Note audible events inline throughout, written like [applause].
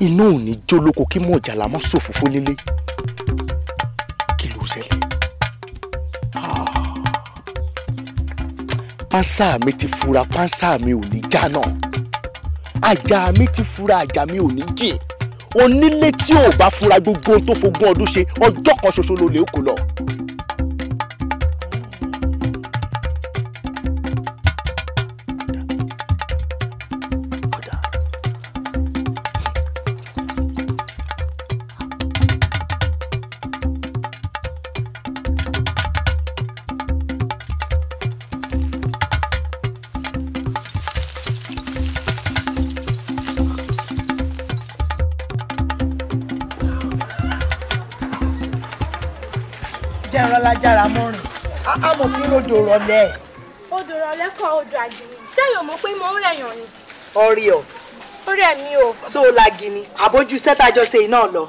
iná ò ní jó lóko kí mọ̀ ọ̀jà lámọ́ ṣòfófó nílé kí ló ṣẹlẹ̀ ah. pánsá mi ti fura pánsá mi ò ní já náà mi ti fura àjà mi ò ní jìn onílé tí ò bá fura gbogbo ohun tó fogún ọdún ṣe ọjọ́ kan ṣoṣo ló lè kó lọ. rọlẹ́. odò rọlẹ́ kọ́ odò àgìrì sẹ́yìn ò mọ̀ pé mo ń rẹ̀yàn ni. ọrí ọ. ó rẹ̀ mí o. so lagi ni àbójú sẹ́tàjọ́ ṣe iná lọ.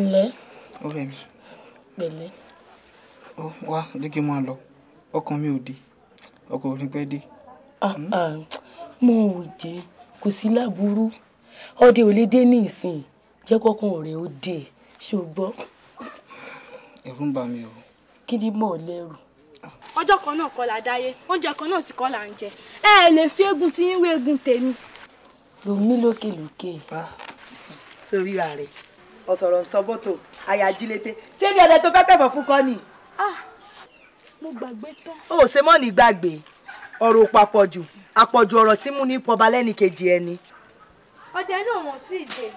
ǹlẹ́. ó rẹ̀ mí. pẹ̀lẹ́. ó wá jẹ́ kí n máa lọ ọkàn mi ò di ọkọ̀ ò ní pẹ́ dé. Ah, ah, mo ò jẹ́ kò sí láburú ọdẹ ò lè dé ní ìsìn jẹ́ kọ́kàn rẹ̀ ó dé ṣùgbọ́n. ẹ̀rù ń bà mí o kírímọ̀ lẹ́rù. ọjọ́ kan náà kọ́ la dáyé oúnjẹ kan náà sì kọ́ la ń jẹ ẹ ẹ lè fi eégún tí yín wé eégún tèmi. lomi lókèlókè. sórí ah, ra rẹ ọ̀sọ̀rọ̀ ń sọ bọ́tò àyàjílété ṣé ní ọ̀dẹ tó fẹ́ pẹ̀fọ̀ fún kọ́ ni. Ah, mo gbàgbé tán. o ò ṣe mọ́ ní gbàgbé ọ̀rọ̀ òpó àpọ̀jù àpọ̀jù ọ̀rọ̀ tí mú ní pọba lẹ́nìkejì ẹni. ọdẹ náà wọ́n ti dé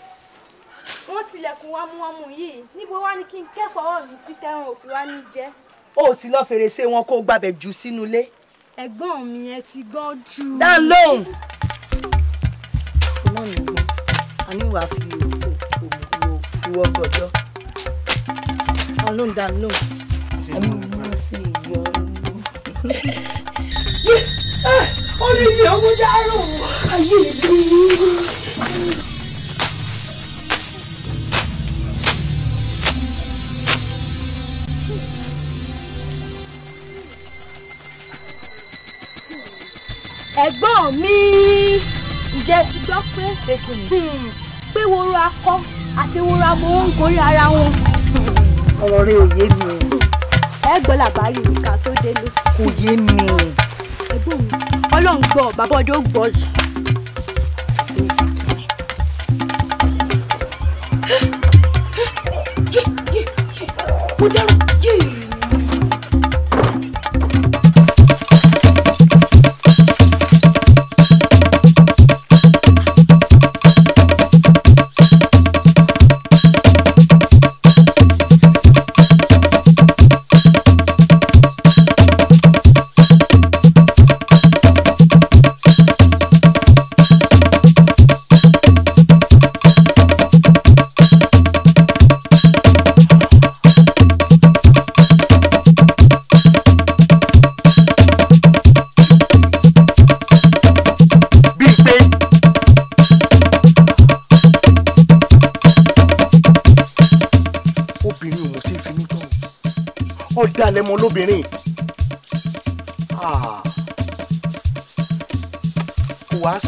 wọ́n tilẹ̀kùn wámúwámú yìí níbo wá ní kí n kẹ́fọ̀ọ́ mi sí tẹ́wọ̀n òfin wá ní jẹ́. ó sì lọ fèrèsé wọn kó gbàbẹ̀ jù sínú ilé. ẹ̀gbọ́n mi ẹ ti gbọ́ jù. dá lóhùn. iná mi gbọ́n a ní wàá fi ìwọ gbọ́dọ̀. ọlọ́run dá lóhùn. ẹni mo máa ń ṣe ìyọ olùdíje ah! ọmọdé àrùn ayé ìdúró. ẹ̀gbọ́n mi ǹjẹ́ ti gbọ́ pé hmm, pé woro akọ àti woro amọ ń gorí ara wọn. ọ̀rọ̀ rẹ ò yé mi o. ẹ gbọ́ làbárí mi ká tó délé. kò yé mi. ẹ̀gbọ́n mi ọlọ́run gbọ́ bàbá ọdẹ ó gbọ́ yìí. mo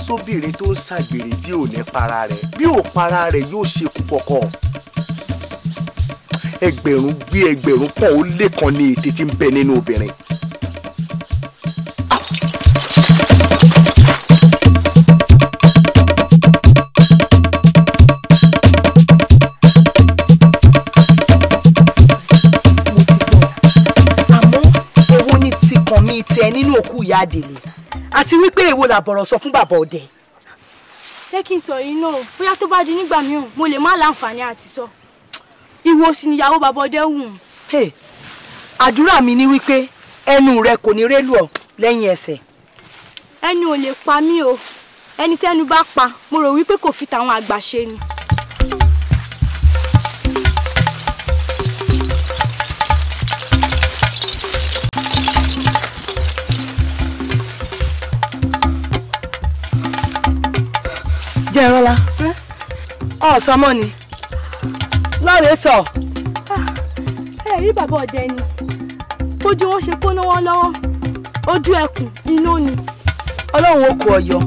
sóbìnrin tó ń ṣàgbèrè tí ò ní para rẹ̀ bí ò para rẹ̀ yóò ṣe kú kọ̀kọ̀ ẹgbẹ̀rún gbé ẹgbẹ̀rún pọ̀ ó lé kan ní ètè tí ń bẹ nínú obìnrin. mo ti gbọ́ àmọ́ èwo ni ti kàn mí tiẹ̀ nínú òkú ìyá àdèlè àti wípé èwo làbọ̀rọ̀ sọ fún bàbá ọdẹ. jẹ́ kí n sọ yìí náà bóyá tó bá di nígbà mìíràn mo lè má láǹfààní àti sọ ìwọ sì níyàwó bàbá ọdẹ wù. àdúrà mi ni wípé ẹnu rẹ kò ní rélù ọ lẹ́yìn ẹsẹ̀. ẹnu ò lè pa mí o ẹni tẹ́nu bá pa mo rò wípé kò fi tàwọn àgbà ṣe ni. sọ mọ́ ni lọ́rẹ̀ẹ́ sọ. ẹ rí bàbá ọ̀dẹ oju bójú se ṣe kóná wọn lọ́wọ́ ojú ẹkùn ni. ọyọ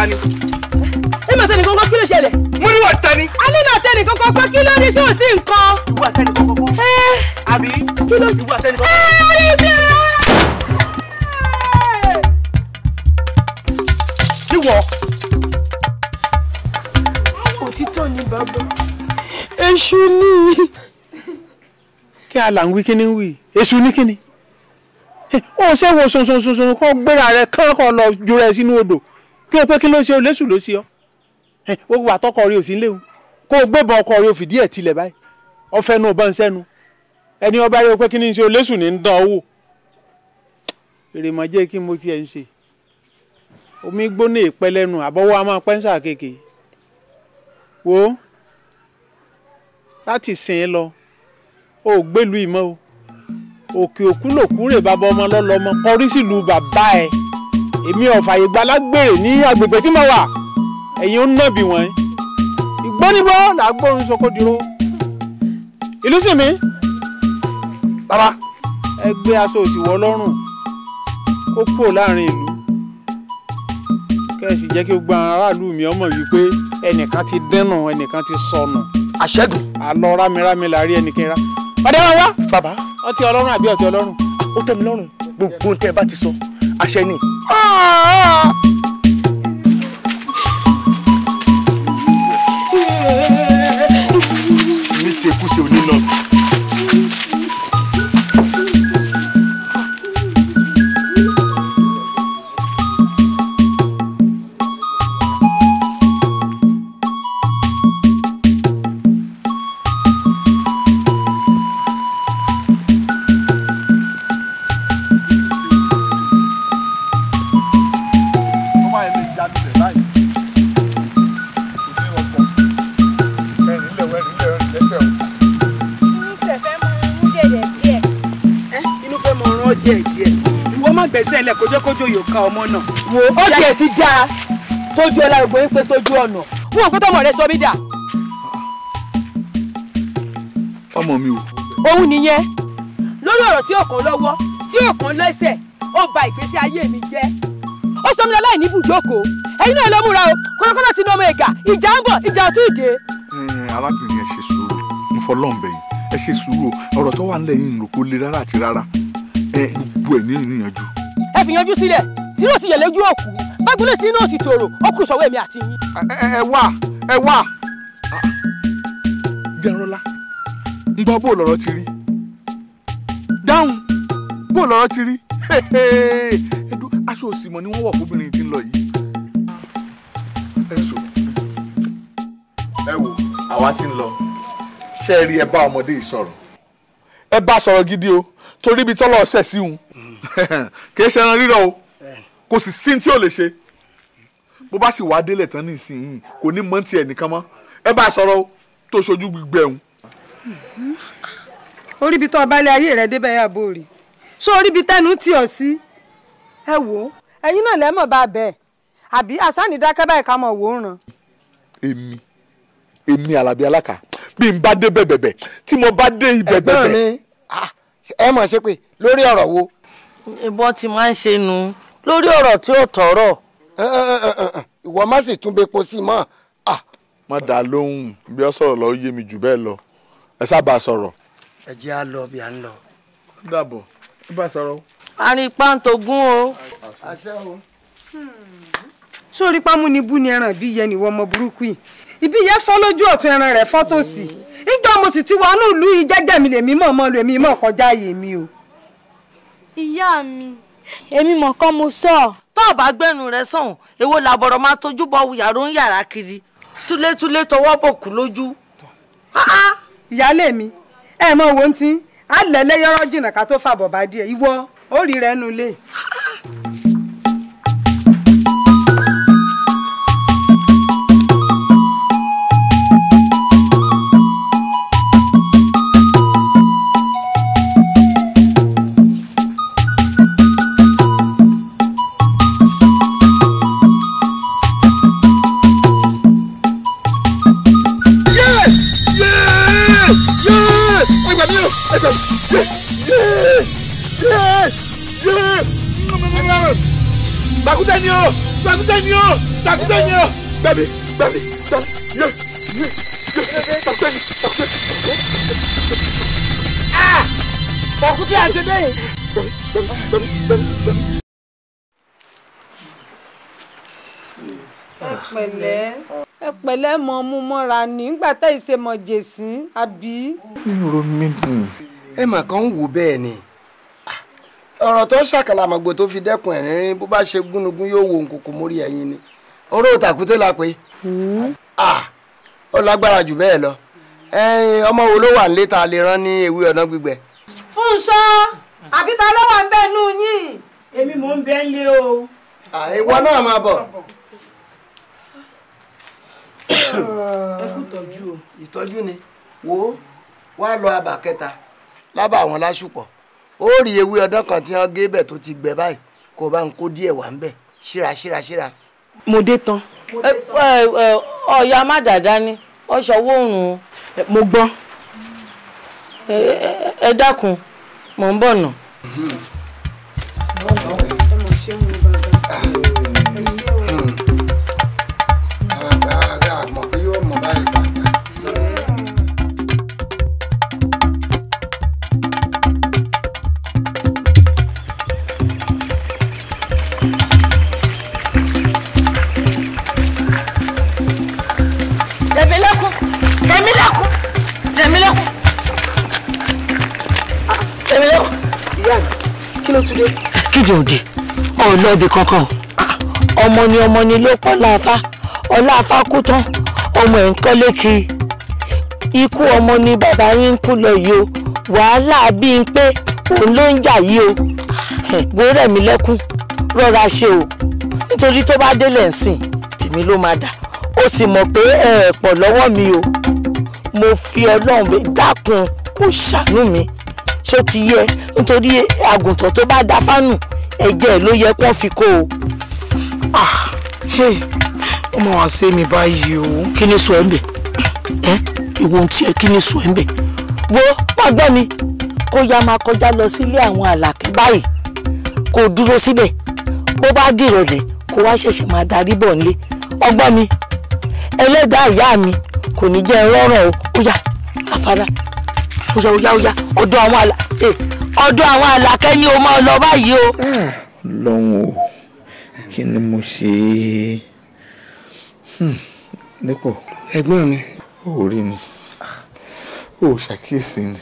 ta ni. ẹ máa tẹnì kankan kí ló ṣẹlẹ̀. mo ní wọ́n tẹni. a nílò tẹnì kankan pé kí ló ní sí òsì nǹkan. ìwọ àtẹnì kankan kọ. ẹ àbí kí ló ìwọ àtẹnì kankan. ẹ rí i bí ẹ. ìwọ. òtítọ́ ni bàbá èṣù ni. kí a là ń wí kíní wí èṣù ní kíni ó ṣe wo sọ̀nsọ̀nsọ̀nsọ̀ kó gbéra rẹ̀ kán kó lọ jura ẹ sínú odò kí o pé kí ló ṣe o léṣù ló ṣe ọ o wà tọkọ rẹ ò sí léwu kó o gbébọn ọkọ rẹ ò fìdí ẹ̀ tilẹ̀ báyìí ọfẹ nu ọbọn sẹnu ẹni ọba rẹ o pé kí ni ṣe o léṣù ní dán owó èrèmọ̀jẹ́ kí mo tiẹ̀ ń ṣe omi gbóná ìpẹ́ lẹ́nu àbọ̀wọ́ a máa pẹ́ńsà kéèké wo láti sìn ín lọ o ò gbélùú ìmọ̀ o òkè òkú lòkú rè bàbá ọmọ lọ́lọ́mọ kọrí sílùú bàbá ẹ̀ èmi ọ̀fàyè gba lágbèrè ní agbègbè tí mo wà ẹ̀yin ó nàbì wọ́n ìgbónibọ́ làgbóhùn sọkò dúró ìlú sì mi bàbá ẹ gbé aṣọ òsìwọ́ lọ́rùn kó kúrò láàrin ìlú kẹ́sì jẹ́ kí gbogbo aráàlú mi ọmọ yìí pé ẹnìkan ti dẹ́nu ẹnìkan ti sọnù. àṣẹ́gun. àlọ́ rámirámi la rí ẹnikẹ́ra. ọ̀dẹ̀ wa wá. bàbá. ọtí ọlọ́run àbí ọtí ọlọ́run. ó tẹ́ mi lọ́rùn gbogbo ohun tẹ́ ẹ bá ti sọ àṣẹ ni. mi ṣe kúṣe oníná. ka ọmọ náà. wo ó tiẹ̀ ti já tójú ọlá ògbóyin pé sójú ọ̀nà. wọn ò kó tọmọ rẹ sọ mí dà. ọmọ mi o. òun nìyẹn lórí ọ̀rọ̀ tí ọ̀kan lọ́wọ́ tí ọ̀kan lẹ́sẹ̀ ó ba ìgbésí ayé mi jẹ́. ó sọ mi lọ láì ibùjókòó ẹ̀yin náà ló múra o kọ́lọ́kọ́lọ́ ti ní ọmọ ẹ̀gà ìjà ń bọ̀ ìjà ọtún ìdè. arábìnrin ẹ ṣe sùúrù mo fọlọ́ọ̀bẹ̀ yín ẹ ṣe sùúrù ọ̀rọ̀ tó wà nílẹ̀ yìí ń rò kó le rárá àti rárá ẹ gbogbo ẹ̀ ní ìníyànjú. ẹ fi yanjú sílẹ̀ tí yóò ti yẹ̀ lójú òkú bágbélé tí náà ti tòrò ó kù sọ́wọ́ àti yín. ẹ wá ẹ wá jẹrọlá ń gbọ́ bó lọ́rọ̀ ti rí dáhùn bó lọ́rọ̀ ti rí aṣọ òsìmọ̀ ni wọn wọ fóbìnrin tí ń lọ yìí. ẹ sọ ẹ wò àwa ti ń lọ ṣe é rí ẹ bá ọmọdé yìí sọrọ. ẹ bá sọ̀rọ̀ gidi o torí ibi tọ́lọ̀ ṣẹ̀ sí òun kì í ṣe ẹran rírọ̀ o. kò sì sí tí ò lè ṣe bó bá sì wá délẹ̀ tán nísìnyí kò ní mọ́ ti ẹnìkan mọ́ ẹ bá sọ̀rọ̀ tó ṣojú gbígbẹ̀hùn. orí ibi tó ọbalẹ̀ ayé rẹ̀ débẹ̀ yà bó rí so orí ibi tẹ́nu tì ọ́ sí ẹ wò ó ẹ̀yin náà lẹ́mọ̀ bá bẹ́ẹ̀ àbí àsáàní dákẹ́ báyìí ká mọ̀ wò ó ràn. èmi èmi alábí alákà bí n bá dé bẹ̀bẹ̀bẹ̀ tí mo bá dé ibẹ̀ bẹ̀bẹ̀. ẹ̀gbọ́n ah, ẹ mọ̀ ṣe pé lórí ọ̀rọ̀ wo. ìbọn ti máa ń ṣe nu lórí ọ̀rọ̀ tí ó tọ̀rọ̀. ìwọ má sì tún bepo sí i mọ́. má dà á lóhùn bí ó sọ̀rọ̀ lọ ó yé mi jù bẹ́ẹ̀ lọ ẹ sábà sọ̀rọ̀. ẹ jẹ́ á lọ bí a ń lọ. dàbọ̀ ẹ bá sọ̀rọ̀. àrùn ìpàǹtógún o. àṣẹ o. sórí hmm. pámúnibú ni ẹran bí yẹn nìwọ ọmọ burúkú yìí ibi yẹn fọ́ lójú ọ̀tún ẹran rẹ̀ fọ́ tòsí nígbà mo sì ti wọnú ìlú yìí jẹ́jẹ́ mi lèmi mọ̀ ọmọ lèmi mọ̀ kọjá ààyè o. ìyá mi èmi mọ̀ kọ́ mo sọ. tó o bá gbẹ́nu rẹ sọ̀hún èwo làbọ̀rọ̀ máa tójú bọ yàrá ń yàrá kiri túlétúlé tọwọ́ bòkú lójú. ìyáálé mi ẹ mọ owó ń tí á lẹ́lẹ́yọ́rọ́ jìnnà ká tó fàbọ̀ bá díẹ̀ ìwọ ó rí rẹ nulẹ̀. gbà mí o ẹ gbà mí. bàkútẹ́ ni o bàkútẹ́ ni o bàkútẹ́ ni o gbà mí gbà mí gbà mí bàkútẹ́ ni bàkútẹ́ ni. bàkútẹ́ ah, àti bẹ́ẹ̀. pẹ̀lẹ́. ẹ pẹ̀lẹ́ mọ mú mọ́ra ni nígbà tá ìṣèmọ̀ jèsín àbí. ríro mi nì ẹ mà kàn ń wò bẹ́ẹ̀ ni ọ̀rọ̀ tó ṣàkàlà àmọ̀gbò tó fi dẹ́kun ẹ̀rín rín bó bá ṣe gúnugún yóò wo nkùnkùn mórí ẹ̀yìn ni ọ̀rọ̀ òtàkùté la pé hmm. ó lágbára jù bẹ́ẹ̀ lọ ọmọ wo ló wà ń létà lè rán ní ewé ọ̀nà gbígbẹ. ló wà ń bẹ́ẹ̀ náà máa bọ̀. ẹ kú tọ́jú o. ìtọ́jú ni wo wá lọ abà kẹta lábà àwọn láṣùpọ̀ ó rí ewé ọdán kan tí wọ́n gé bẹ̀ tó ti gbẹ báyìí kó bá ń kó díẹ̀ wà ń bẹ̀ síra síra síra. mo dé tán. ọ̀ya má dàda ni ọ̀ṣọ́ wòrùn. mo gbọ́ ẹ dákun mò ń bọ̀ nà. òde òde ọlọ́ọ̀bì kankan ah, ọmọ ni ọmọ ni ló pọ̀ láàfá ọláàfá kú tán ọmọ ẹ̀ ń kọ́lé kiri ikú ọmọ ni bàbá yín kú lọ yìí o wàhálà bíi ń pé òun ló ń jà yìí o wo rẹ̀ mí lẹ́kún rọra ṣe o nítorí tó bá délẹ̀ ń sìn tèmi ló máa dà ó sì mọ̀ pé ẹ ẹ̀ pọ̀ lọ́wọ́ mi o mo fi ọlọ́run bẹ dákun ó ṣàánú mi ṣó ti yẹ nítorí àgùntàn tó bá dá fánù ẹ̀jẹ̀ ló yẹ kó fi kó o. Ah, ó máa wá sí mi báyìí o. kí ni sọ ẹ́ ń bẹ̀ ẹ́ ìwọ ohun tí ẹ kí ni sọ ẹ́ ń bẹ̀. wo wá gbọ́ mi kó yá máa kọjá lọ sílé àwọn àlàkẹ́ báyìí kó dúró síbẹ̀ bó bá dìrọ̀lẹ́ kó wá ṣẹ̀ṣẹ̀ máa darí bọ̀ nílé ọgbọ́n mi ẹlẹ́dàá ìyá mi kò ní jẹ́ rọ́rùn o ó yá afárá ó yá ó yá ó yá ọ̀dọ̀ àwọn àlà eh, ọ̀dọ̀ àwọn àlàkẹ́ ni o máa lọ báyìí o. Ah, lọ́hùn o kí ni mo ṣe é hmm, nípò. ẹ̀gbọ́n mi. ò mi ò ṣàkíyèsí ni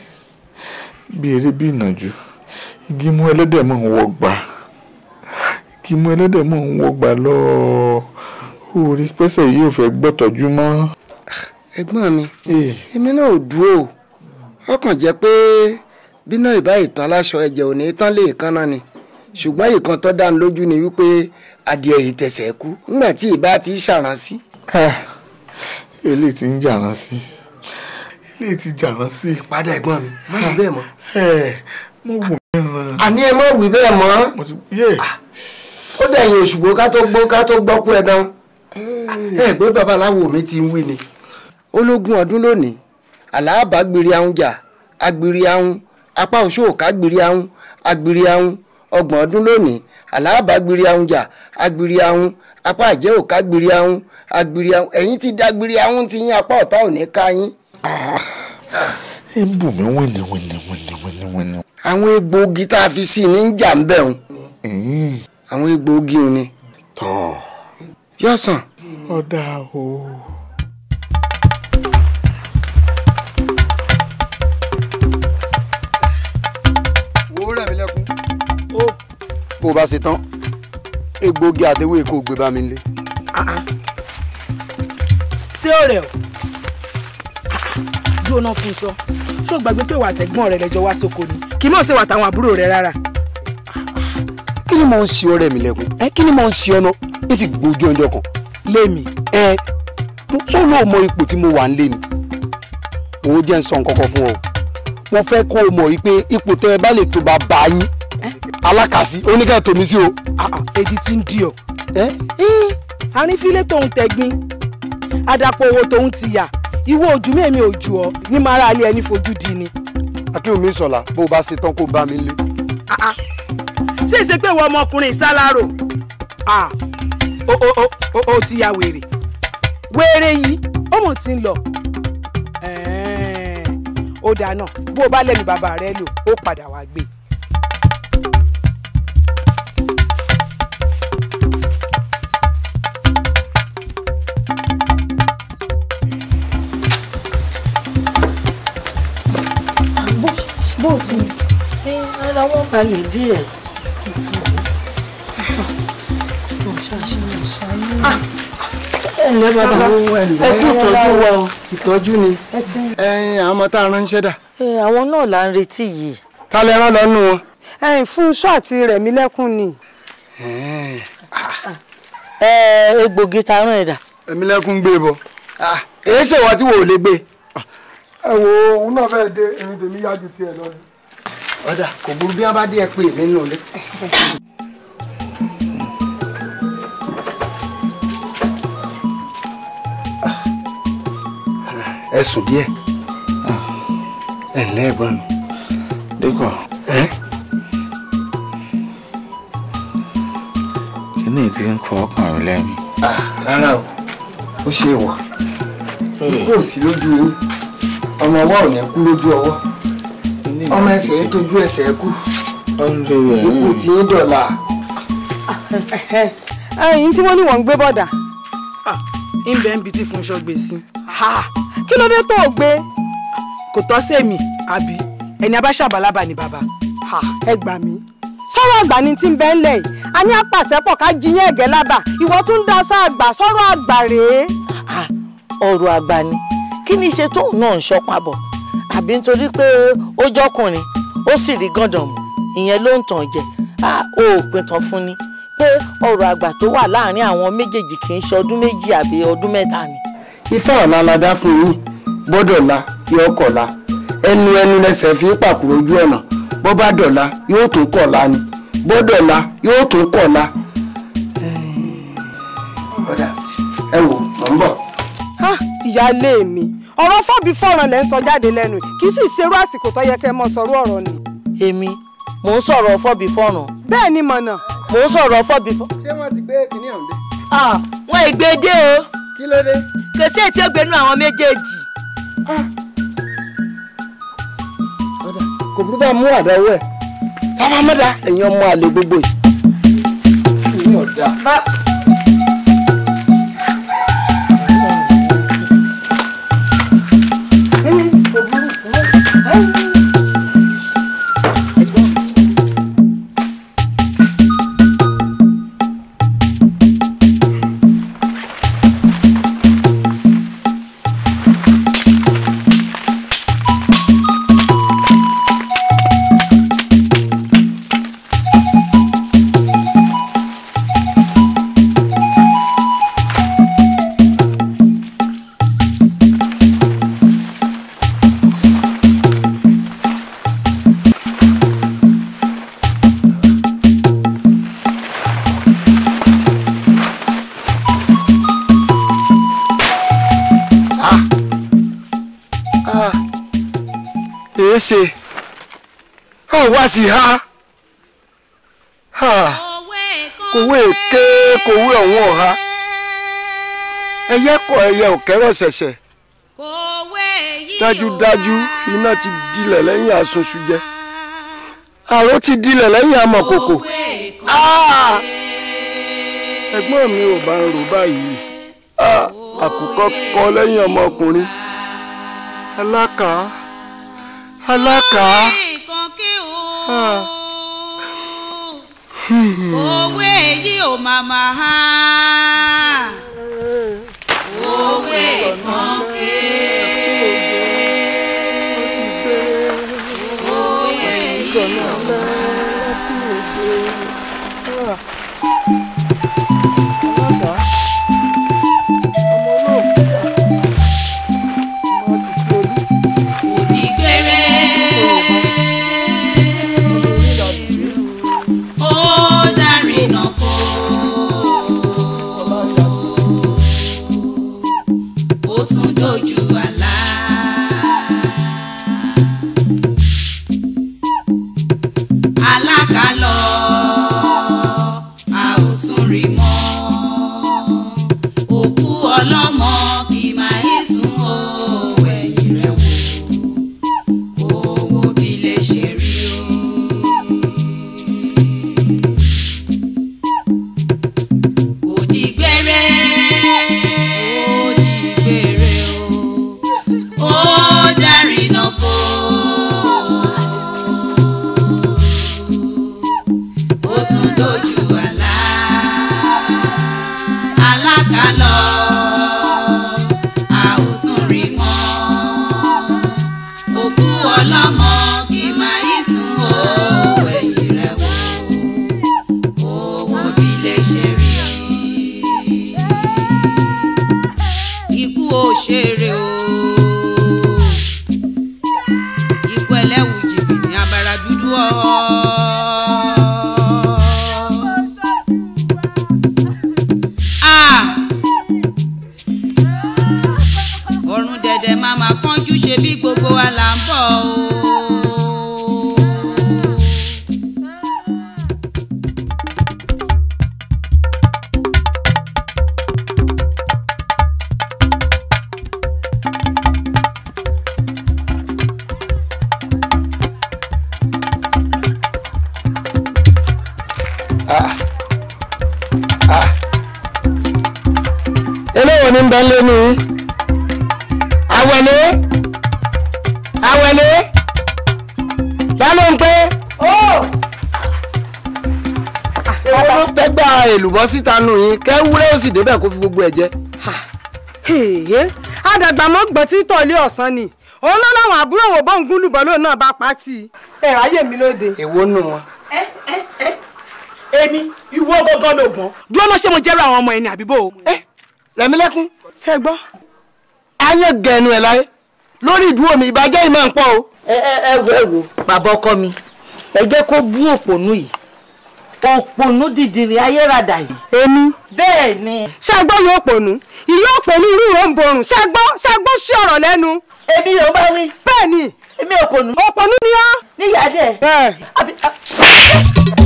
bí eré bí ìnàjú igi mú ẹlẹ́dẹ̀ mọ̀ ń wọgbà igi mú ẹlẹ́dẹ̀ mọ̀ ń wọgbà lọ ò rí pẹ́sẹ̀ yìí ò fẹ́ gbọ́tọ̀jú mọ́. Ah, ẹ̀gbọ́n mi eh. èmi náà ò dúró ọkàn jẹ́ pé bínú ìbá ìtàn aláṣọ ẹ̀jẹ̀ òní tán lè kan náà ni ṣùgbọ́n ìkan tó dá ní lójú ni wípé adìẹ ìtẹ̀sẹ̀ kú nígbà tí ìbá ti ṣàránsí. Ah, eléyìí ti ń jàránsí eléyìí ti jàránsí. padà ẹ̀gbọ́n mi má wí ah, bẹ́ẹ̀ mọ́. Eh, mo wù mí ràn. àní ẹ má wí bẹ́ẹ̀ mọ́. Ah, ó dẹ̀yìn òṣùgbọ́ ká tó gbọ́ ká tó gbọ́ kú ẹ dán. ẹ eh. gbé eh, babaláwo mi ti ń wí ni. ológun ọdún lónìí àlàábàgbèrè àwọn jà agbèrè àwọn apá òṣòòká gbìrì ahun agbìrì ahun ọgbọ̀n ọdún lónìí àlàábà gbìrì ahun jà agbìrì ahun apá àjẹ́ òká gbìrì ahun agbìrì ahun ẹ̀yìn ti dá gbìrì ahun ti yín apá ọ̀tá ò ní ká yín. ẹ ń bù mí wìnì wìnì wìnì wìnì wìnì. àwọn egbòogi tá a fi sí i ní ń jà ń bẹ̀ ń. àwọn egbòogi ni. tọ́. yọ̀sán. ọ̀dà ooo. bó o bá ṣe tán egbògi àtẹwé kò gbé bá mi lé. Ah, ah. ṣé ọ̀rẹ́ o ah, jóná fún sọ ṣé o gbàgbé pé wà àtẹ̀gbọ́n rẹ lẹ́jọ́ wá sóko ni kì í mọ̀ ṣe wà táwọn àbúrò rẹ rárá. kí ni mò ń ṣe ọ̀rẹ́ mi lẹ́kùn ẹ kí ni mò ń ṣe ọ̀nà ẹ sì gbójú ọjọ́ kan. lémi. ẹ tó lóò mọ ipò tí mo wà ń lé ni òun jẹ́ ń sọ nǹkan kan fún ọ mo fẹ́ kọ́ ọ mọ̀ wípé ipò tẹ́ ẹ bá lè tó bá bá yín alákàsí oníkẹ́ tòmí sí o. èdè ah, ah, tí ń di ọ. Eh, arínfílẹ̀ tóun tẹ̀gbin àdàpọ̀ owó tóun ti yà ìwọ ojú mi èmi ò ọ ní màá ra ẹni fojú di ni. akínwùmí sọlá bó o bá ṣe tán kó bá mi lé. Ah, ṣé ìṣe pé ìwọ ọmọkùnrin ìsálárò ó ti ya wèrè wèrè yìí ọmọ ti ń lọ ó dáná bó o bá lẹ́nu bàbá rẹ lò ó padà wá gbé e. kóòtù ẹ ara wọn balẹ̀ díẹ̀. Ah, ẹnlẹ́ bàbá ẹ kú ìtọ́jú wa o. ìtọ́jú ni ẹyin àwọn tá a ránṣẹ́ dà. àwọn náà là ń retí yìí. ta lẹ rán lọ́nu wọn. ẹyin Fúnṣọ́ àti Rẹ̀mí lẹ́kùn ni. egbògi ta rán ẹ dà. Rẹ̀mí lẹ́kùn gbé e bọ̀ èyí ah, ṣèwọ́ tí wò ó lè gbé e ẹ wo òun náà fẹ́ dé ẹ̀yin tèmi yá ju tiẹ̀ lọ ni. ọ̀dà kò burú bí wọ́n bá dé ẹ pé èmi nù lé. ẹ sùn díẹ̀ ẹ ǹlẹ́ ẹ̀gbọ́n mi. dẹ́kọ̀ ẹ́. kíní ti ń kọ ọkàn rẹ lẹ́yìn. Ah, rárá o ó ṣe wà kó o sì lójú yín ọmọ ọwọ́ ò ní kú lójú ọwọ́ ọmọ ẹsẹ̀ tójú ẹsẹ̀ kú ipò tí ó dọ̀la. ẹyin tí wọ́n ní wọ́n ń gbé bọ́dà. ìbẹ̀ ah, ń bi tí Fúnṣọ́ gbé sí. kí ló dé tó o gbé. kò tọ́ sẹ́mi àbí ẹni abáṣàbàlábà ni bàbá ẹ gbà mí sọ̀rọ̀ àgbà ni tí ń bẹ́ ńlẹ̀ yìí a ní apàṣẹ́pọ̀ ká jiyàn ẹ̀gẹ́ lábà ìwọ tún dá sáà àgbà sọ̀rọ̀ àgbà rèé. Ah, ọ̀rọ̀ àgbà ni kí ni ṣe tóun náà ń ṣọpá àbí nítorí pé ó jọkùnrin ó sì rí gàndàn mú ìyẹn ló ń tàn jẹ a ò pin tán fún ni pé ọ̀rọ̀ àgbà tó wà láàárín àwọn méjèèjì kì í ṣe ọdún méjì àbí ọdún mẹ́ta ni. ifá ọ̀la la dá fún yín gbọ́dọ̀ la yóò kọ̀ la ẹnu ẹnu lẹsẹ̀ fi pàkúrò ojú ọ̀nà bó bá dọ̀la yóò tún kọ̀ la ni bó dọ̀la yóò tún kọ̀ la. ọ̀dà ẹ wò mò ń bọ̀ ìyáálé mi ọ̀rọ̀ fọ́bi fọ́ràn lẹ́ ń sọ jáde lẹ́nu kì í sì ṣerú àsìkò tó yẹ kẹ́ mọ́ sọrú ọ̀rọ̀ ni. èmi mò ń sọ̀rọ̀ fọ́bi fọ́ràn. bẹ́ẹ̀ ni mọ̀nà. mò ń sọ̀rọ̀ fọ́bi fọ́ràn. ṣé wọ́n ti gbé kínní ọ̀hún dé. ah wọn ì gbé dé o. kí ló dé. kèsì ètí ògbénú àwọn méjèèjì. kò ń ṣe ọ wá sí ha kòwé èké kòwé ọ̀hún ọ̀ha ẹyẹ kọ ẹyẹ òkèrè ṣẹ̀ṣẹ̀ dájúdájú iná ti dilẹ̀ lẹ́yìn asunṣu jẹ àrò ti dilẹ̀ lẹ́yìn amọ̀kòkò ẹ̀gbọ́n mi ò bá ń rò báyìí àkùkọ kọ lẹ́yìn ọmọkùnrin alákàá alaka. òwe èyí ò màmá ha òwe kan kéé. sì débẹ̀ kó fi gbogbo ẹ̀ jẹ. àdàgbàmọ́ gbọ́n tí tọ́lé ọ̀sán ni òun ló láwọn àbúrò wò bóun gún lùbọ́n lóun náà bá pátì. ẹ ráyè mi lóde. èwo nù wọn. ẹ ẹ ẹ èmi ìwọ gangan ló gbọ́n. dúró mọ́ ṣé mo jẹ́rọ àwọn ọmọ ẹni àbíbò. ẹ rẹ̀mílẹ́kún. ṣe gbọ́. ayé gẹ̀ẹ́nu ẹ̀ láyé lórí ìdúró mi ìbàjẹ́ ìmọ̀ ń pọ̀ o. ẹ ẹ ẹ wo ẹ wo bàbá ọkọ mi ẹ jẹ́ kó bú òpònú yìí òpònú dìdìrì ayérada yìí. èmi. bẹ́ẹ̀ ni. ṣàgbọ́ yóò òpònú ìlú òpònú irú ìró ń borùn ṣàgbọ́ ṣàgbọ́ sí ọ̀rọ̀ lẹ́nu. èmi yóò bá wí. bẹ́ẹ̀ ni. èmi òpònú. òpònú ni ọ́. níyà dẹ. bẹ́ẹ̀.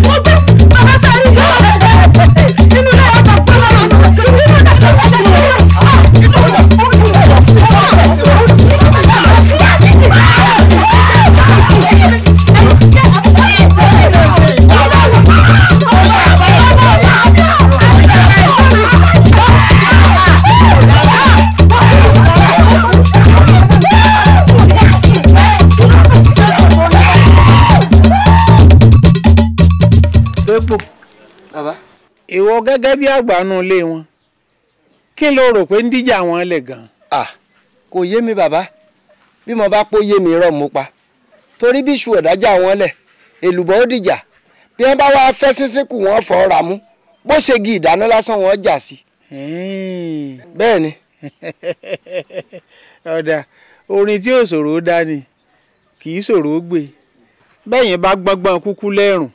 mo gbé bàbá sáré yóò rẹ̀ nínú ilé ọkọ̀ pọ́nlọ́rọ̀ nínú ilé ọkọ̀ pọ́nlọ́rọ̀. ìwọ gẹ́gẹ́ bí àgbàánu ilé wọn kí ló rò pé ń díjà wọn lẹ̀ gan. à kò yé mi bàbá bí mo bá pò yé mi rọ mo pa torí bí iṣu ọ̀dájà wọn lẹ̀ èlùbọ́ ó dìjà bí wọ́n bá wá fẹ́ sínsín kù wọ́n fọ́ ra mú bó ṣe gi ìdáná lásán wọn jà sí. bẹ́ẹ̀ ni. [laughs] ọ̀dà orin tí ò ṣòro dání kì í ṣòro gbé bẹ́ẹ̀ yẹn bá gbọ́ngbọ́n kúkú lẹ́rùn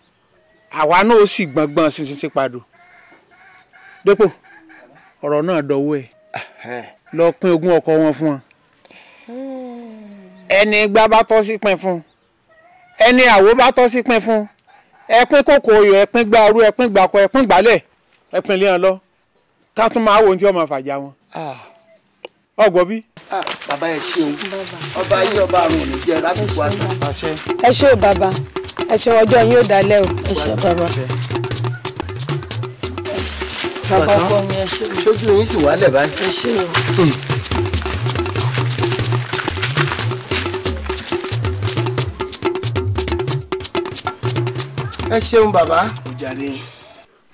àwa náà ó sì gbọ́ngbọ́n sínsín padò dépò ọ̀rọ̀ náà dọ̀wọ́ ẹ̀ lọ pín ogún ọkọ wọn fún wọn. ẹni gbá bá tọ́ sí pín fún ẹni àwo bá tọ́ sí pín fún ẹ pín kòkò oyò ẹ pín gba aró ẹ pín gbàkọ ẹ pín gbálẹ̀ ẹ pín léèyàn lọ ká tún máa wo ohun tí wọ́n máa fàjà wọn. ọgbọ bí. bàbá ẹ ṣeun ọba yìí ọba àrùn òní jẹ lásìkò àṣà. ẹ ṣé o bàbá ẹ ṣé ọjọ́ yín ó dalẹ́ o. ẹ ṣé bàbá bàbá ọkọ o ṣojú hmm. ṣeun bàbá.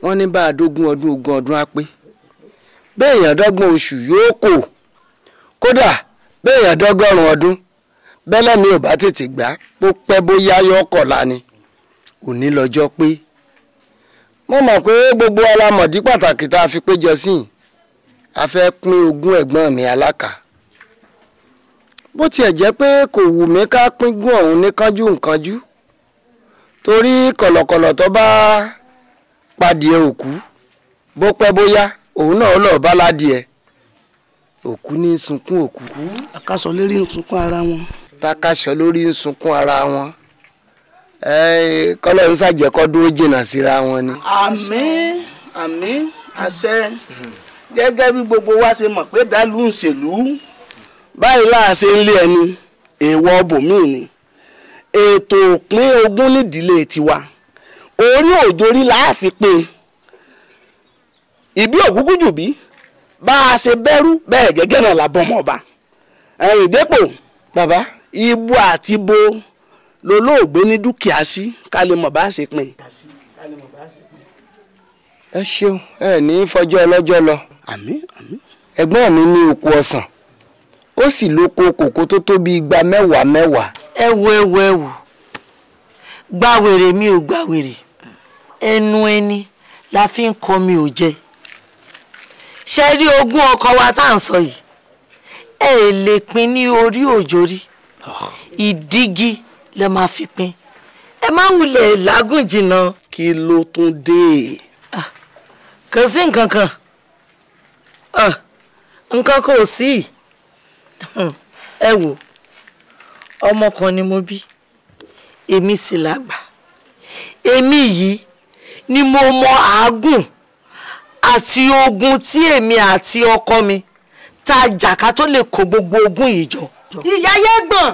wọ́n ní bá a dógún ọdún ogún ọdún á pé béèyàn dọ́gbọ̀n oṣù yóò kò kódà béèyàn dọ́gọ́rùn-ún ọdún bẹ́lẹ́mi ò bá tètè gbà bó pẹ́ bóyá yọ ọkọ̀ lani òní lọ́jọ́ pé mo mọ̀ pé gbogbo alamọ̀dí pàtàkì tá a fi péjọ sí i a fẹ́ pín ogún ẹ̀gbọ́n mi aláka bó tiẹ̀ jẹ́ pé kò wù mí ká píngún ọ̀hún ní kánjú nkánjú torí kọ̀lọ̀kọ̀lọ̀ tó bá padìẹ òkú bó pẹ́ bóyá òun náà lọ́ọ́ bá ládìẹ òkú ní sunkún òkú. àkàsọ̀ lórí sunkún ara wọn. takasọ̀ lórí sunkún ara wọn kọ́lọ́run ṣàjẹ́kọ́ dúró jìnnà síra wọn ni. àmín àmín àṣẹ gẹ́gẹ́ bí gbogbo wa ṣe mọ̀ pé dàlú ń ṣèlú báyìí láàṣẹ ńlé ẹni èèwọ̀ bòmíì ni ètò òpin ogún nídìílé tiwa orí òjòrí láàfin pé ìbí òkúkú jù bí bá a ṣe bẹ̀rù bẹ́ẹ̀ gẹ́gẹ́ náà la bọ́ ọmọ ọba ẹ̀yìn dépò bàbá ibu àti bo lolóògbé ní dúkìá sí ká lè mọ̀ bá ṣe pín. ẹ ṣeun ẹ ní fọjọ́ ọlọ́jọ́ lọ. àmín àmín. ẹ̀gbọ́n mi ní oko ọsàn ó sì lóko kòkó tó tó bíi igba mẹ́wàá mẹ́wàá. ẹ wo ẹ wo ẹ wo gbàwèrè mi ò gbàwèrè ẹnu ẹni la fi ń kọ mi ò jẹ ṣe rí ogún ọkọ wa tá à ń sọ yìí ẹ lè pín ní orí òjòrí ah. ìdígi. Oh lẹ máa fi pín ẹ má wulẹ̀ làágùn jìnnà. kí ló tún dé. kò sí nǹkan kan nǹkan kò sí ẹ wò ọmọ ni mo bí èmi sì làgbà èmi yìí ni mo mọ àágùn àti ogun tí èmi àti ọkọ mi ta jàkà tó lè kó gbogbo ogun yìí jọ. ìyá yẹn gbọ̀n